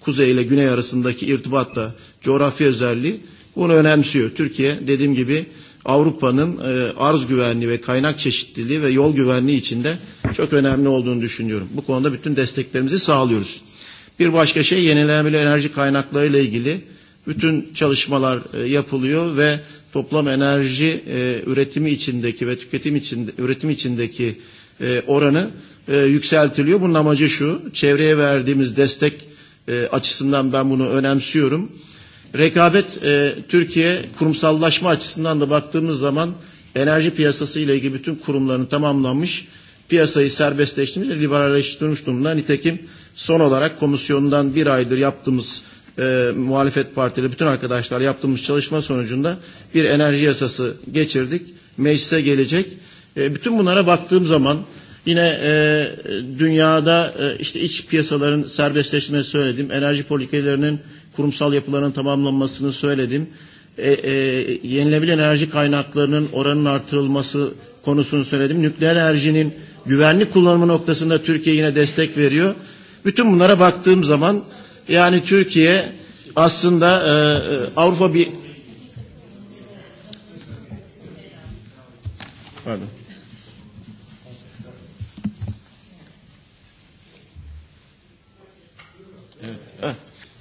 kuzey ile güney arasındaki irtibatla coğrafi özelliği bunu önemsiyor. Türkiye dediğim gibi Avrupa'nın e, arz güvenliği ve kaynak çeşitliliği ve yol güvenliği içinde çok önemli olduğunu düşünüyorum. Bu konuda bütün desteklerimizi sağlıyoruz. Bir başka şey yenilenebilir enerji kaynaklarıyla ilgili bütün çalışmalar yapılıyor ve toplam enerji üretimi içindeki ve tüketim içinde üretim içindeki oranı yükseltiliyor. Bunun amacı şu. Çevreye verdiğimiz destek açısından ben bunu önemsiyorum. Rekabet Türkiye kurumsallaşma açısından da baktığımız zaman enerji piyasası ile ilgili bütün kurumların tamamlanmış piyasayı serbestleştirmiş, liberalleştirmiş durumda. Nitekim Son olarak komisyondan bir aydır yaptığımız e, muhalefet partileri bütün arkadaşlar yaptığımız çalışma sonucunda bir enerji yasası geçirdik. Meclise gelecek. E, bütün bunlara baktığım zaman yine e, dünyada e, işte iç piyasaların serbestleşmesi söyledim. Enerji politikalarının kurumsal yapılarının tamamlanmasını söyledim. E, e, yenilebilir enerji kaynaklarının oranın artırılması konusunu söyledim. Nükleer enerjinin güvenli kullanımı noktasında Türkiye yine destek veriyor. Bütün bunlara baktığım zaman yani Türkiye aslında e, Avrupa bir Pardon.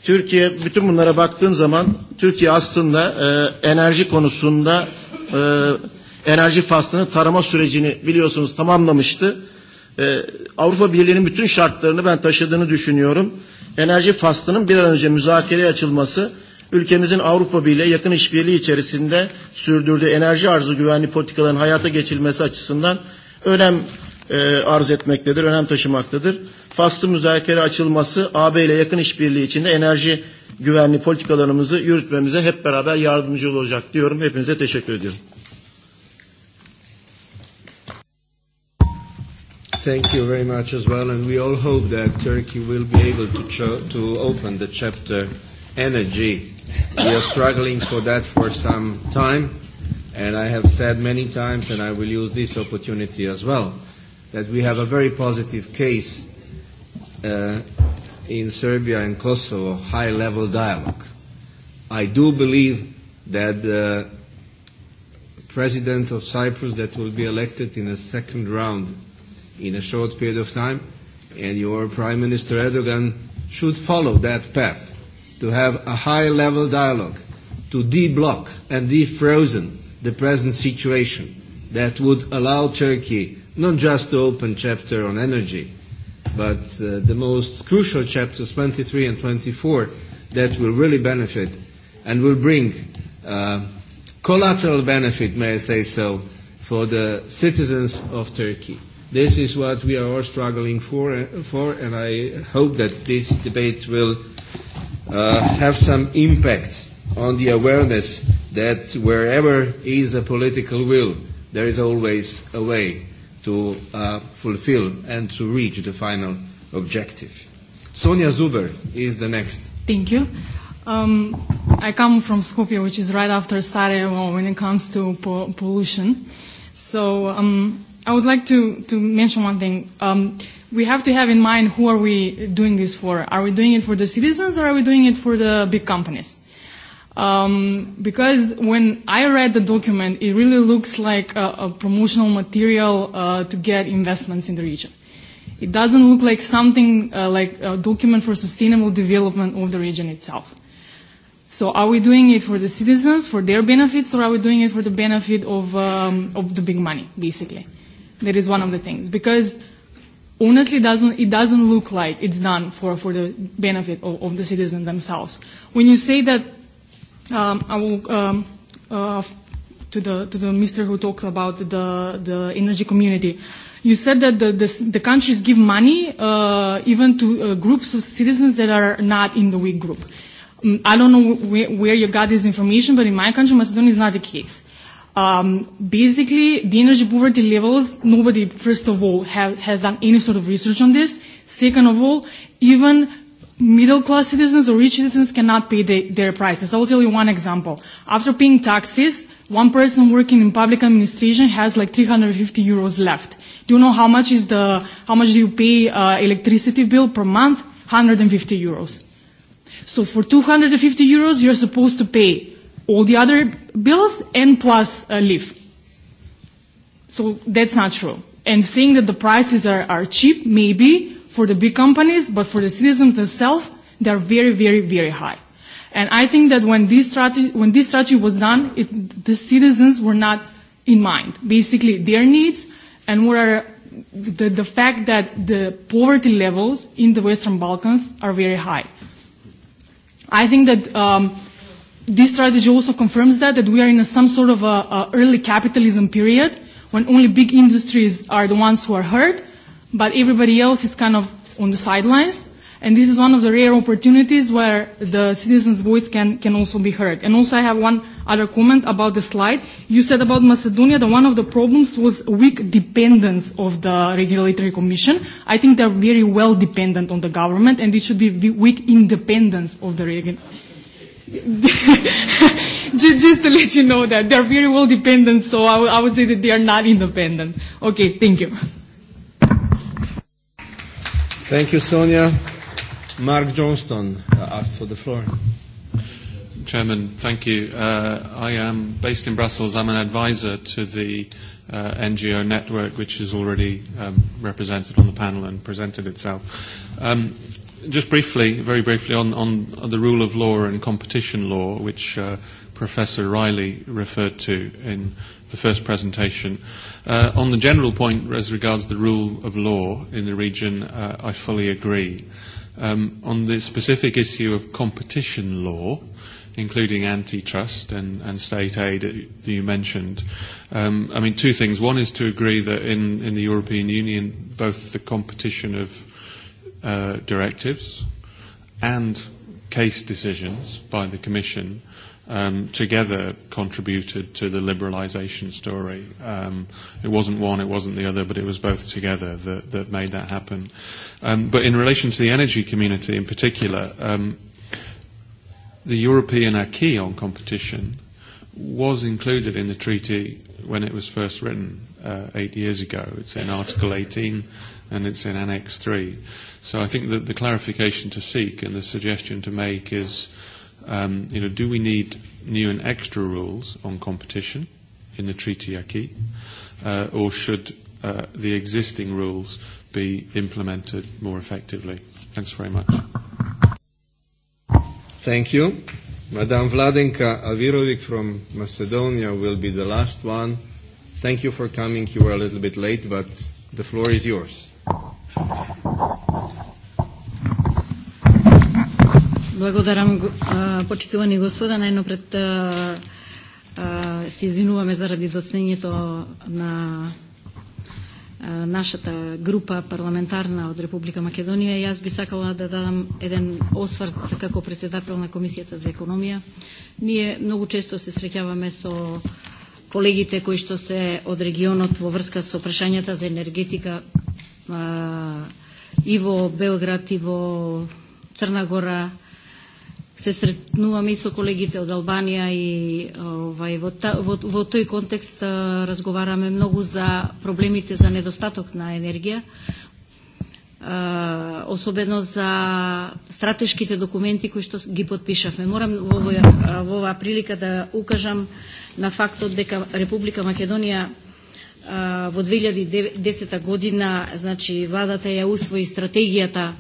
Türkiye bütün bunlara baktığım zaman Türkiye aslında e, enerji konusunda e, enerji faslını tarama sürecini biliyorsunuz tamamlamıştı Avrupa Birliği'nin bütün şartlarını ben taşıdığını düşünüyorum. Enerji faslının bir an önce müzakereye açılması ülkemizin Avrupa Birliği yakın işbirliği içerisinde sürdürdüğü enerji arzı güvenli politikaların hayata geçirilmesi açısından önem arz etmektedir, önem taşımaktadır. Faslı müzakere açılması AB ile yakın işbirliği içinde enerji güvenli politikalarımızı yürütmemize hep beraber yardımcı olacak diyorum. Hepinize teşekkür ediyorum. Thank you very much as well, and we all hope that Turkey will be able to to open the chapter energy. We are struggling for that for some time, and I have said many times, and I will use this opportunity as well, that we have a very positive case in Serbia and Kosovo, high-level dialogue. I do believe that the president of Cyprus that will be elected in a second round in a short period of time, and your Prime Minister Erdogan should follow that path to have a high-level dialogue, to de-block and de-frozen the present situation that would allow Turkey not just to open chapter on energy, but the most crucial chapters 23 and 24 that will really benefit and will bring collateral benefit, may I say so, for the citizens of Turkey. This is what we are all struggling for, for and I hope that this debate will have some impact on the awareness that wherever is a political will, there is always a way to fulfill and to reach the final objective. Sonia Zuber is the next. Thank you. Um, I come from Skopje, which is right after Sarajevo when it comes to pollution. So um, I would like to, to mention one thing. Um, we have to have in mind who are we doing this for. Are we doing it for the citizens or are we doing it for the big companies? Um, because when I read the document, it really looks like a, a promotional material uh, to get investments in the region. It doesn't look like something uh, like a document for sustainable development of the region itself. So are we doing it for the citizens, for their benefits, or are we doing it for the benefit of, um, of the big money, basically? That is one of the things. Because honestly, doesn't, it doesn't look like it's done for, for the benefit of, the citizens themselves. When you say that, um, I will, um, to the, to the minister who talked about the, the energy community, you said that the, the, countries give money even to groups of citizens that are not in the weak group. I don't know where, where you got this information, but in my country, Macedonia is not the case Basically, the energy poverty levels, nobody, first of all, has done any sort of research on this. Second of all, even middle-class citizens or rich citizens cannot pay their prices. I'll tell you one example. After paying taxes, one person working in public administration has like 350 euros left. Do you know how much is the, how much do you pay electricity bill per month? 150 euros. So for 250 euros, you're supposed to pay all the other bills and plus leave. So that's not true. And seeing that the prices are, are cheap, maybe, for the big companies, but for the citizens themselves, they are very, very, very high. And I think that when this strategy, when this strategy was done, it, the citizens were not in mind. Basically, their needs and what are the, the fact that the poverty levels in the Western Balkans are very high. I think that um, This strategy also confirms that, that we are in some sort of a early capitalism period when only big industries are the ones who are heard but everybody else is kind of on the sidelines. And this is one of the rare opportunities where the citizens' voice can, can also be heard. And also I have one other comment about the slide. You said about Macedonia that one of the problems was weak dependence of the regulatory commission. I think they are very well dependent on the government, and it should be weak independence of the Just to let you know that they are very well dependent, so I would say that they are not independent. Okay, thank you. Thank you, Sonia. Mark Johnston asked for the floor. Chairman, thank you. I am based in Brussels. I'm an advisor to the NGO network, which is already represented on the panel and presented itself. Just briefly, very briefly, on, on the rule of law and competition law, which Professor Riley referred to in the first presentation. On the general point as regards the rule of law in the region, I fully agree. On the specific issue of competition law, including antitrust and, and state aid that you mentioned. Um, I mean, two things. One is to agree that in, in the European Union, both the competition of directives and case decisions by the Commission together contributed to the liberalisation story. It wasn't one, it wasn't the other, but it was both together that made that happen. But in relation to the energy community in particular, the European acquis on competition was included in the treaty when it was first written eight years ago. It's in Article 18 and it's in Annex 3. So I think that the clarification to seek and the suggestion to make is, you know, do we need new and extra rules on competition in the treaty acquis, or should the existing rules be implemented more effectively? Thanks very much. Thank you. Madame Vladenka Avirovic from Macedonia will be the last one. Thank you for coming. You were a little bit late, but the floor is yours. Благодарам, почитувани господа. Најно пред се извинуваме заради доснењето на нашата група парламентарна од Република Македонија. Јас би сакала да дадам еден осврт како председател на Комисијата за економија. Ние многу често се среќаваме со колегите кои што се од регионот во врска со прашањата за енергетика и во Белград, и во Црна Гора. Се сретнуваме и со колегите од Албанија и овај, во, та, во, во тој контекст разговараме многу за проблемите за недостаток на енергија, особено за стратешките документи кои што ги подпишавме. Морам во во оваа прилика да укажам на фактот дека Република Македонија во 2010 година значи владата ја усвои стратегијата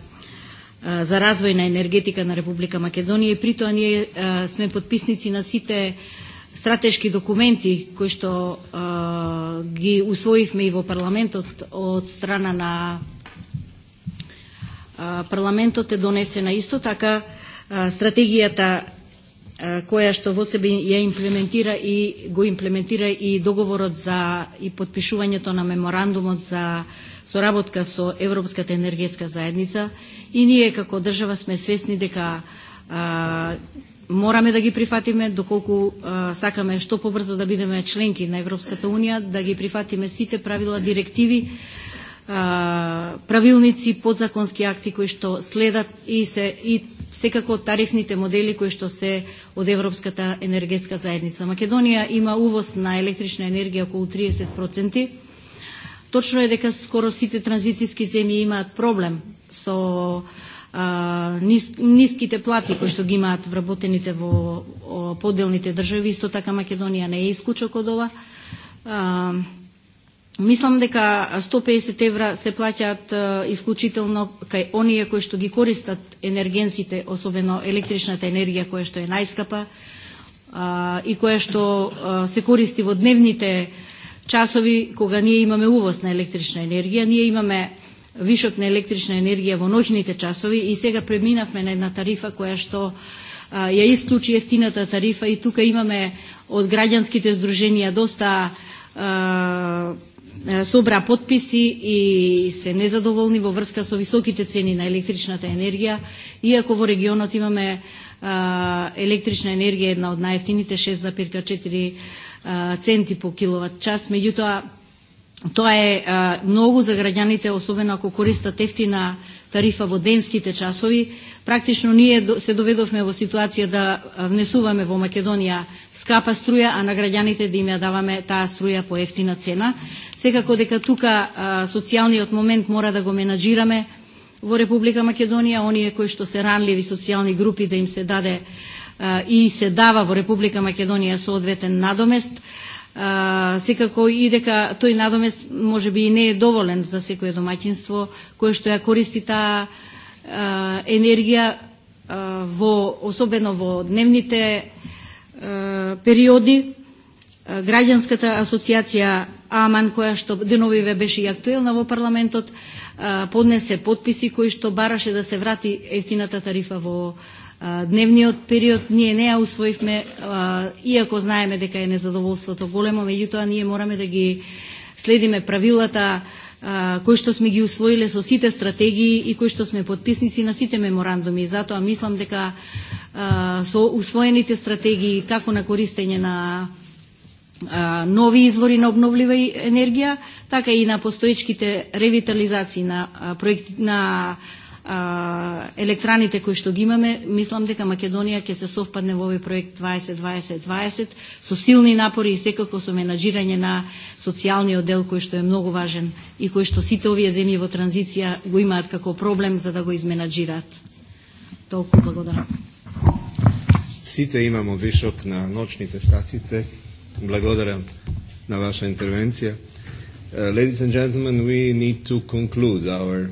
за развој на енергетика на Република Македонија и притоа ние сме подписници на сите стратешки документи кои што ги усвоивме и во парламентот од страна на парламентот е донесена исто така стратегијата која што во себе ја имплементира и го имплементира и договорот за и подпишувањето на меморандумот за соработка со Европската енергетска заедница и ние како држава сме свесни дека мораме да ги прифатиме доколку сакаме што побрзо да бидеме членки на Европската унија, да ги прифатиме сите правила, директиви, правилници, подзаконски акти кои што следат и се и секако тарифните модели кои што се од Европската енергетска заедница. Македонија има увоз на електрична енергија околу 30%. Точно е дека скоро сите транзицијски земји имаат проблем со ниските плати кои што ги имаат вработените во поделните држави. Исто така Македонија не е исклучок од ова Мислам дека 150 евра се плаќаат исклучително кај оние кои што ги користат енергенсите, особено електричната енергија која што е најскапа и која што се користи во дневните часови кога ние имаме увоз на електрична енергија, ние имаме вишок на електрична енергија во ноќните часови и сега преминавме на една тарифа која што ја исклучи ефтината тарифа и тука имаме од граѓанските здруженија доста собра подписи и се незадоволни во врска со високите цени на електричната енергија, иако во регионот имаме електрична енергија една од најефтините 6,4 центи по киловат час, меѓутоа Тоа е многу за граѓаните, особено ако користат ефтина тарифа во денските часови. Практично ние се доведовме во ситуација да внесуваме во Македонија скапа струја, а на граѓаните да им ја даваме таа струја по ефтина цена. Секако дека тука социјалниот момент мора да го менаджираме во Република Македонија, оние кои што се ранливи социјални групи да им се даде и се дава во Република Македонија соодветен надомест. Секако и дека тој надомест може би и не е доволен за секое домаќинство кое што ја користи таа енергија во особено во дневните периоди. Граѓанската асоциација Аман, која што деновиве беше и актуелна во парламентот, поднесе подписи кои што бараше да се врати ефтината тарифа во Дневниот период ние не ја усвоивме, иако знаеме дека е незадоволството големо, меѓутоа ние мораме да ги следиме правилата кои што сме ги усвоиле со сите стратегии и кои што сме подписници на сите меморандуми. Затоа мислам дека со усвоените стратегии како на користење на нови извори на обновлива енергија, така и на постоечките ревитализации на проекти на електраните кои што ги имаме, мислам дека Македонија ќе се совпадне во овој проект 2020-2020 со силни напори и секако со менаџирање на социјалниот дел кој што е многу важен и кој што сите овие земји во транзиција го имаат како проблем за да го изменаджираат. Толку благодарам. Сите имамо вишок на ночните сатите. Благодарам на ваша интервенција. ladies and gentlemen, we need to conclude our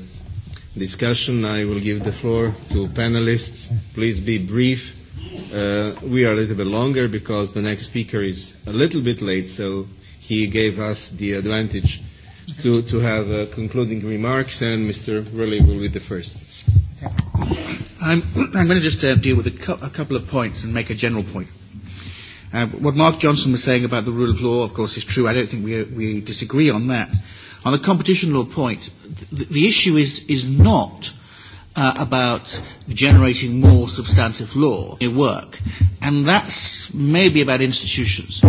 discussion. I will give the floor to panelists. Please be brief. We are a little bit longer because the next speaker is a little bit late, so he gave us the advantage to to have concluding remarks, and Mr. Riley will be the first. I'm going to just deal with a couple of points and make a general point. What Mark Johnson was saying about the rule of law, of course, is true. I don't think we we disagree on that. On the competition law point, the issue is is not about generating more substantive law in work. And that's maybe about institutions.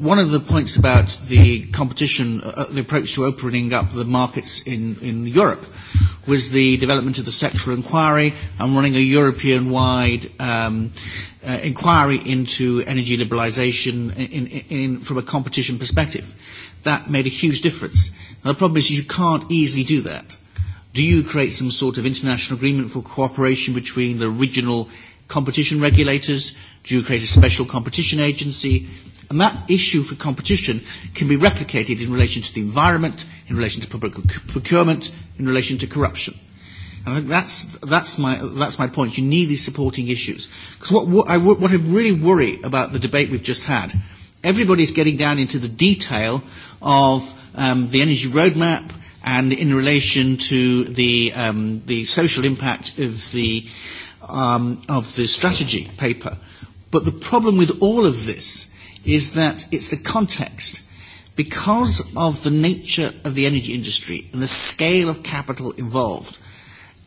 One of the points about the competition, the approach to opening up the markets in Europe was the development of the sectoral inquiry and running a European-wide inquiry into energy liberalisation from a competition perspective that made a huge difference. Now, the problem is you can't easily do that. Do you create some sort of international agreement for cooperation between the regional competition regulators? Do you create a special competition agency? And that issue for competition can be replicated in relation to the environment, in relation to public procurement, in relation to corruption. I think that's, that's, my, that's my point. You need these supporting issues. Because what, what, what I really worry about the debate we've just had everybody's getting down into the detail of the energy roadmap and in relation to the the social impact of the of the strategy paper. But the problem with all of this is that it's the context. Because of the nature of the energy industry and the scale of capital involved,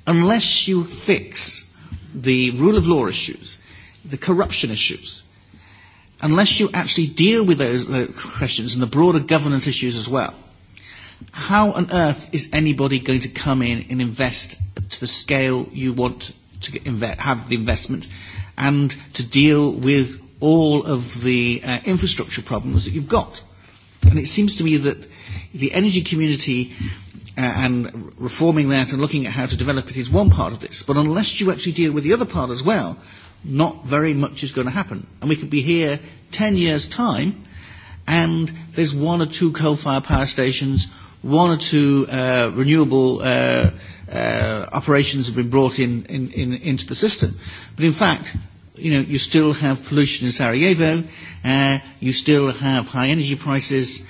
unless you fix the rule of law issues, the corruption issues, unless you actually deal with those questions and the broader governance issues as well, how on earth is anybody going to come in and invest to the scale you want to have the investment and to deal with all of the infrastructure problems that you've got? And it seems to me that the energy community and reforming that and looking at how to develop it is one part of this, but unless you actually deal with the other part as well, not very much is going to happen. And we could be here 10 years' time, and there's one or two coal-fired power stations, one or two renewable operations have been brought in into the system. But in fact, you know, you still have pollution in Sarajevo, you still have high energy prices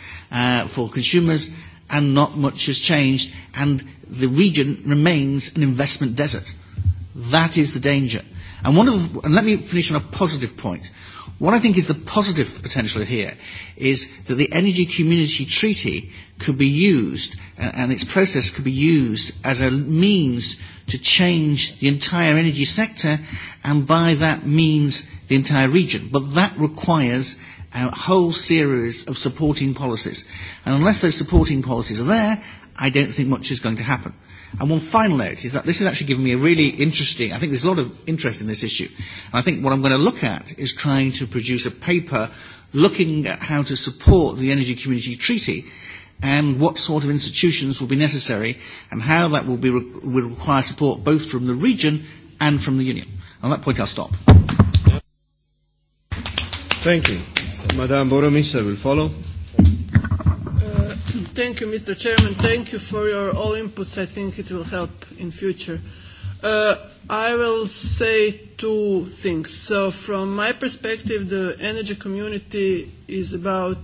for consumers, and not much has changed, and the region remains an investment desert. That is the danger. And one of the, and let me finish on a positive point. What I think is the positive potential here is that the Energy Community Treaty could be used and its process could be used as a means to change the entire energy sector and by that means the entire region. But that requires a whole series of supporting policies. And unless those supporting policies are there, I don't think much is going to happen. And one final note is that this has actually given me a really interesting, I think there's a lot of interest in this issue. And I think what I'm going to look at is trying to produce a paper looking at how to support the Energy Community Treaty and what sort of institutions will be necessary and how that will, be, will require support both from the region and from the Union. On that point, I'll stop. Thank you. Madame Boromisa will follow. Thank you, Mr. Chairman. Thank you for your all inputs. I think it will help in future. I will say two things. So from my perspective, the energy community is about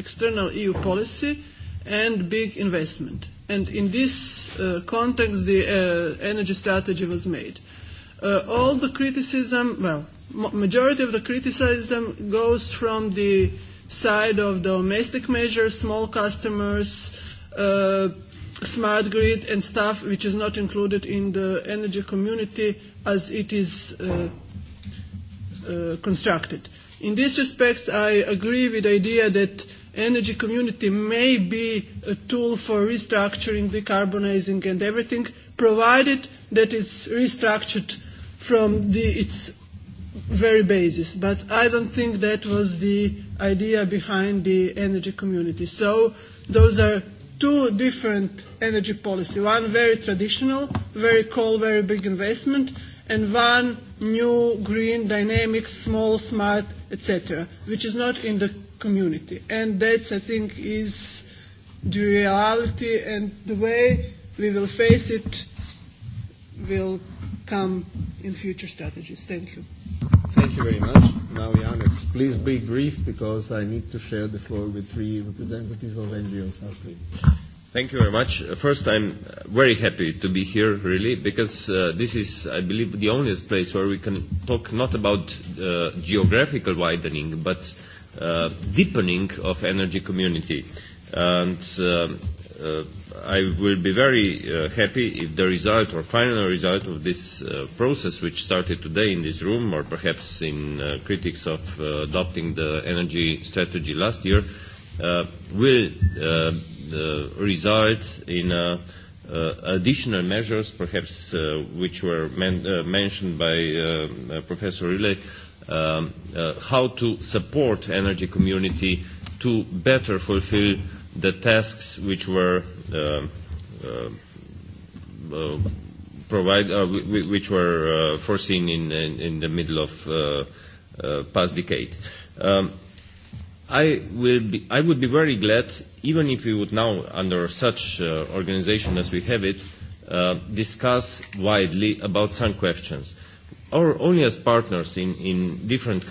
external EU policy and big investment. And in this context, the energy strategy was made. All the criticism, well, majority of the criticism goes from the side of domestic measures, small customers, smart grid and stuff which is not included in the energy community as it is constructed. In this respect, I agree with the idea that energy community may be a tool for restructuring, decarbonizing and everything, provided that it's restructured from its very basis. But I don't think that was the idea behind the energy community. So those are two different energy policy, one very traditional, very coal, very big investment, and one new, green, dynamic, small, smart, etc., which is not in the community. And that, I think, is the reality and the way we will face it will come in future strategies. Thank you. Thank you very much. Now, Yannis, please be brief because I need to share the floor with three representatives of NGOs after you. Thank you very much. First, I'm very happy to be here, really, because this is, I believe, the only place where we can talk not about geographical widening, but deepening of energy community. And I will be very happy if the result or final result of this process, which started today in this room, or perhaps in critics of adopting the energy strategy last year, will result in additional measures, perhaps which were mentioned by Professor Riley, how to support energy community to better fulfill the tasks which were provide which were foreseen in in the middle of past decade. I will be I would be very glad, even if we would now, under such organisation as we have it, discuss widely about some questions or only as partners in, in different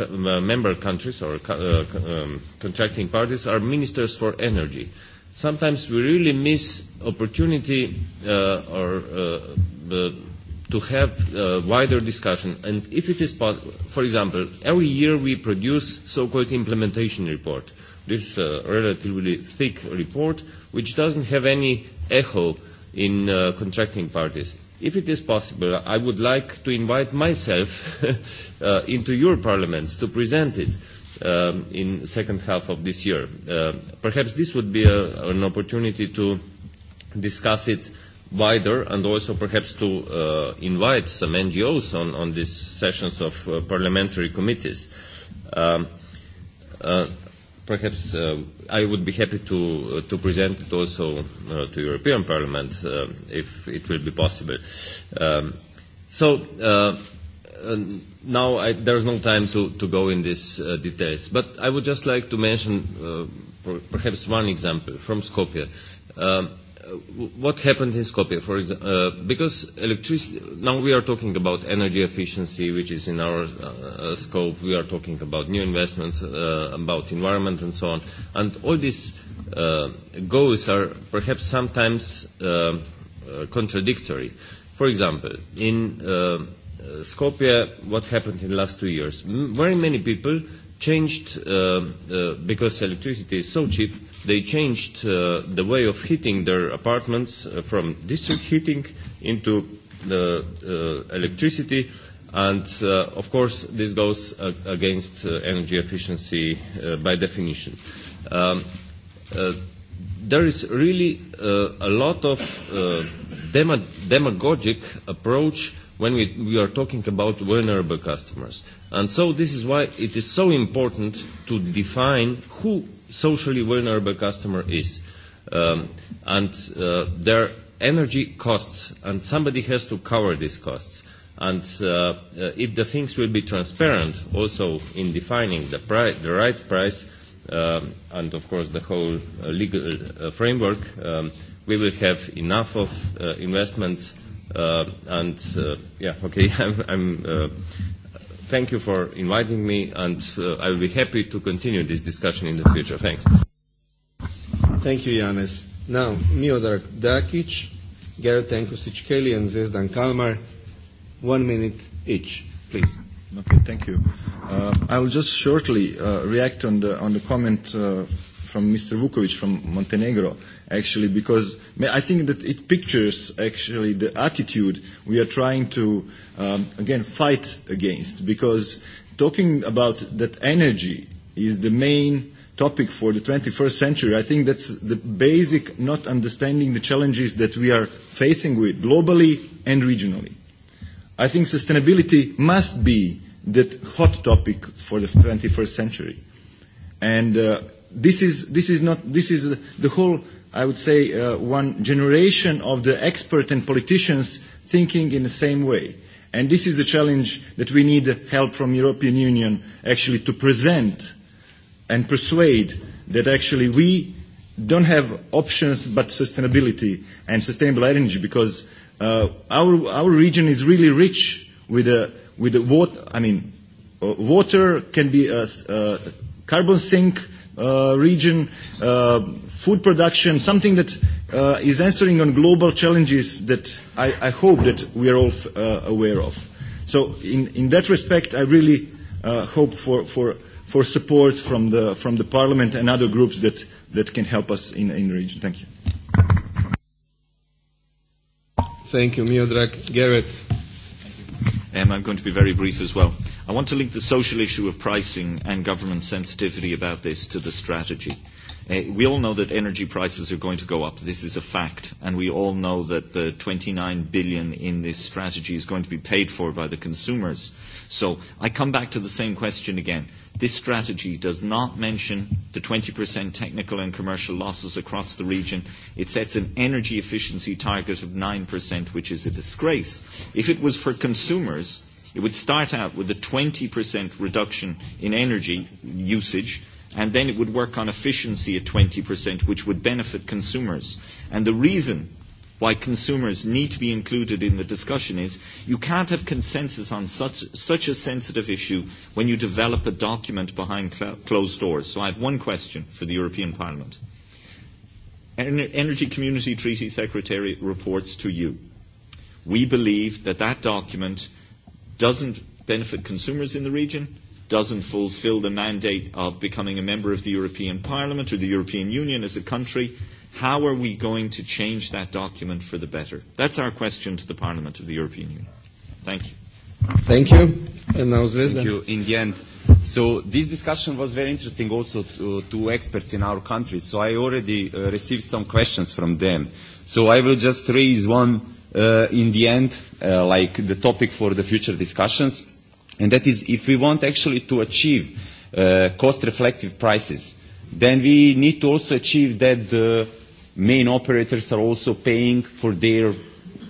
member countries or contracting parties are ministers for energy. Sometimes we really miss opportunity or to have wider discussion. And if it is, for example, every year we produce so-called implementation report. This is a relatively thick report which doesn't have any echo in contracting parties. If it is possible, I would like to invite myself into your parliaments to present it in the second half of this year. Perhaps this would be an opportunity to discuss it wider and also perhaps to invite some NGOs on these sessions of parliamentary committees. Perhaps I would be happy to to present it also to European Parliament if it will be possible. So now there is no time to to go in these details, but I would just like to mention perhaps one example from Skopje what happened in Skopje, for example, because electricity, now we are talking about energy efficiency, which is in our scope, we are talking about new investments, about environment and so on, and all these goals are perhaps sometimes contradictory. For example, in Skopje, what happened in the last two years? Very many people changed, because electricity is so cheap, they changed the way of heating their apartments from district heating into the electricity and of course this goes against energy efficiency by definition there is really a lot of demagogic approach when we we are talking about vulnerable customers and so this is why it is so important to define who socially vulnerable customer is. And their energy costs, and somebody has to cover these costs. And if the things will be transparent, also in defining the right price, and of course the whole legal framework, we will have enough of investments. And yeah, okay, I'm Thank you for inviting me, and I will be happy to continue this discussion in the future. Thanks. Thank you, Yanis. Now, Miodrag Dakic, Garrett Enkosic Kelly, and Zvezdan Kalmar, one minute each, please. Okay, thank you. I will just shortly react on the on the comment from Mr. Vukovic from Montenegro actually, because I think that it pictures actually the attitude we are trying to, again, fight against, because talking about that energy is the main topic for the 21st century. I think that's the basic not understanding the challenges that we are facing with globally and regionally. I think sustainability must be that hot topic for the 21st century. And this is this is not this is the whole I would say, one generation of the experts and politicians thinking in the same way. And this is a challenge that we need help from the European Union actually to present and persuade that actually we don't have options but sustainability and sustainable energy because our region is really rich with water. I mean, water can be a carbon sink region food production, something that is answering on global challenges that I hope that we are all aware of. So in that respect, I really hope for support from the Parliament and other groups that can help us in the region. Thank you. Thank you, Miodrag. Garrett. I'm going to be very brief as well. I want to link the social issue of pricing and government sensitivity about this to the strategy. We all know that energy prices are going to go up. This is a fact. And we all know that the 29 billion in this strategy is going to be paid for by the consumers. So I come back to the same question again. This strategy does not mention the 20% technical and commercial losses across the region. It sets an energy efficiency target of 9%, which is a disgrace. If it was for consumers, it would start out with a 20% reduction in energy usage and then it would work on efficiency at 20%, which would benefit consumers. And the reason why consumers need to be included in the discussion is you can't have consensus on such a sensitive issue when you develop a document behind closed doors. So I have one question for the European Parliament. Energy Community Treaty Secretary reports to you. We believe that that document doesn't benefit consumers in the region doesn't fulfill the mandate of becoming a member of the European Parliament or the European Union as a country, how are we going to change that document for the better? That's our question to the Parliament of the European Union. Thank you. Thank you. And now Zvezda. Thank you. In the end, so this discussion was very interesting also to, to experts in our country. So I already received some questions from them. So I will just raise one in the end, like the topic for the future discussions And that is if we want actually to achieve cost-reflective prices, then we need to also achieve that the main operators are also paying for their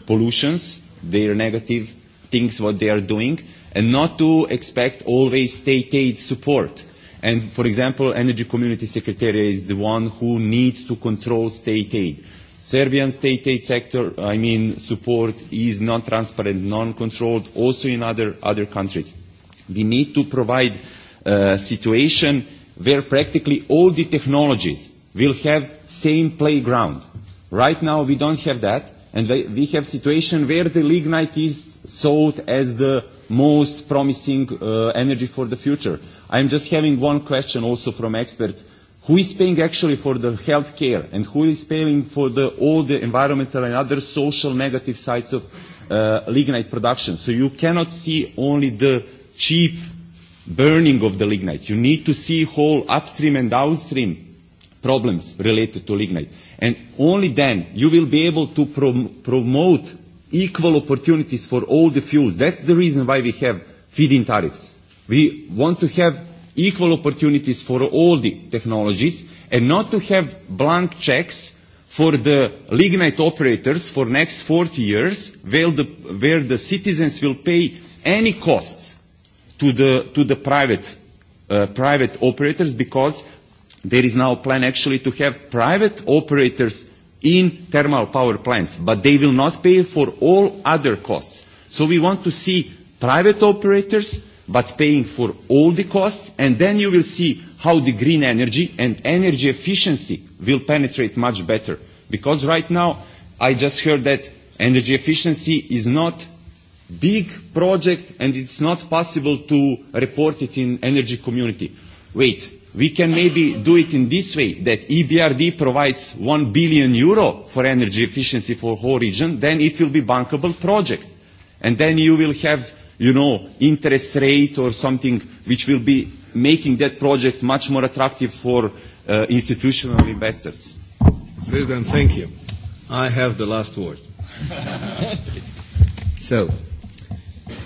pollutions, their negative things what they are doing, and not to expect always state aid support. And for example, Energy Community Secretariat is the one who needs to control state aid. Serbian state aid sector, I mean, support is non-transparent, non-controlled, also in other countries. We need to provide a situation where practically all the technologies will have same playground. Right now we don't have that, and we have situation where the lignite is sold as the most promising energy for the future. I am just having one question also from experts Who is paying actually for the health care and who is paying for the, all the environmental and other social negative sides of lignite production? So you cannot see only the cheap burning of the lignite. You need to see whole upstream and downstream problems related to lignite. And only then you will be able to promote equal opportunities for all the fuels. That's the reason why we have feed-in tariffs. We want to have equal opportunities for all the technologies and not to have blank checks for the lignite operators for next 40 years where the, where the citizens will pay any costs to the, to the private, private operators because there is now a plan actually to have private operators in thermal power plants, but they will not pay for all other costs. So we want to see private operators but paying for all the costs, and then you will see how the green energy and energy efficiency will penetrate much better. Because right now, I just heard that energy efficiency is not big project and it's not possible to report it in energy community. Wait, we can maybe do it in this way, that EBRD provides 1 billion euro for energy efficiency for whole region, then it will be bankable project. And then you will have you know, interest rate or something which will be making that project much more attractive for institutional investors. President, thank you. I have the last word. So,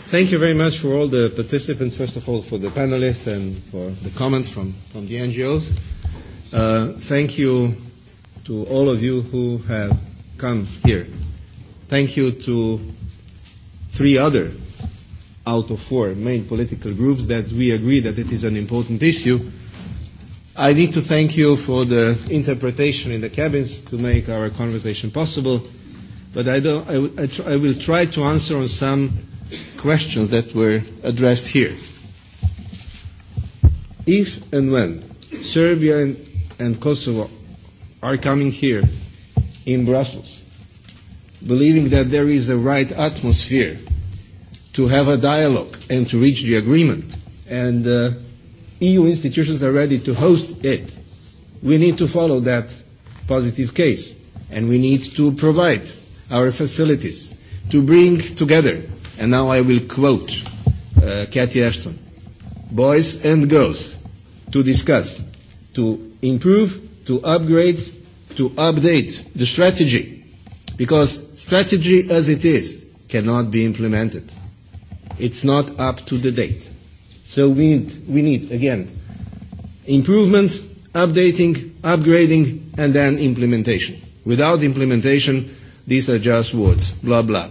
thank you very much for all the participants, first of all, for the panelists and for the comments from, from the NGOs. thank you to all of you who have come here. Thank you to three other out of four main political groups that we agree that it is an important issue. I need to thank you for the interpretation in the cabins to make our conversation possible, but I, don't, I, will try to answer on some questions that were addressed here. If and when Serbia and, and Kosovo are coming here in Brussels, believing that there is the right atmosphere to have a dialogue and to reach the agreement. And EU institutions are ready to host it. We need to follow that positive case and we need to provide our facilities to bring together, and now I will quote Cathy Ashton, boys and girls to discuss, to improve, to upgrade, to update the strategy because strategy as it is cannot be implemented It's not up to the date. So we need, we need again, improvement, updating, upgrading, and then implementation. Without implementation, these are just words, blah, blah.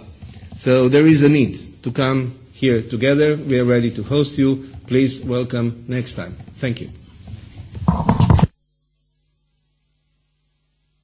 So there is a need to come here together. We are ready to host you. Please welcome next time. Thank you.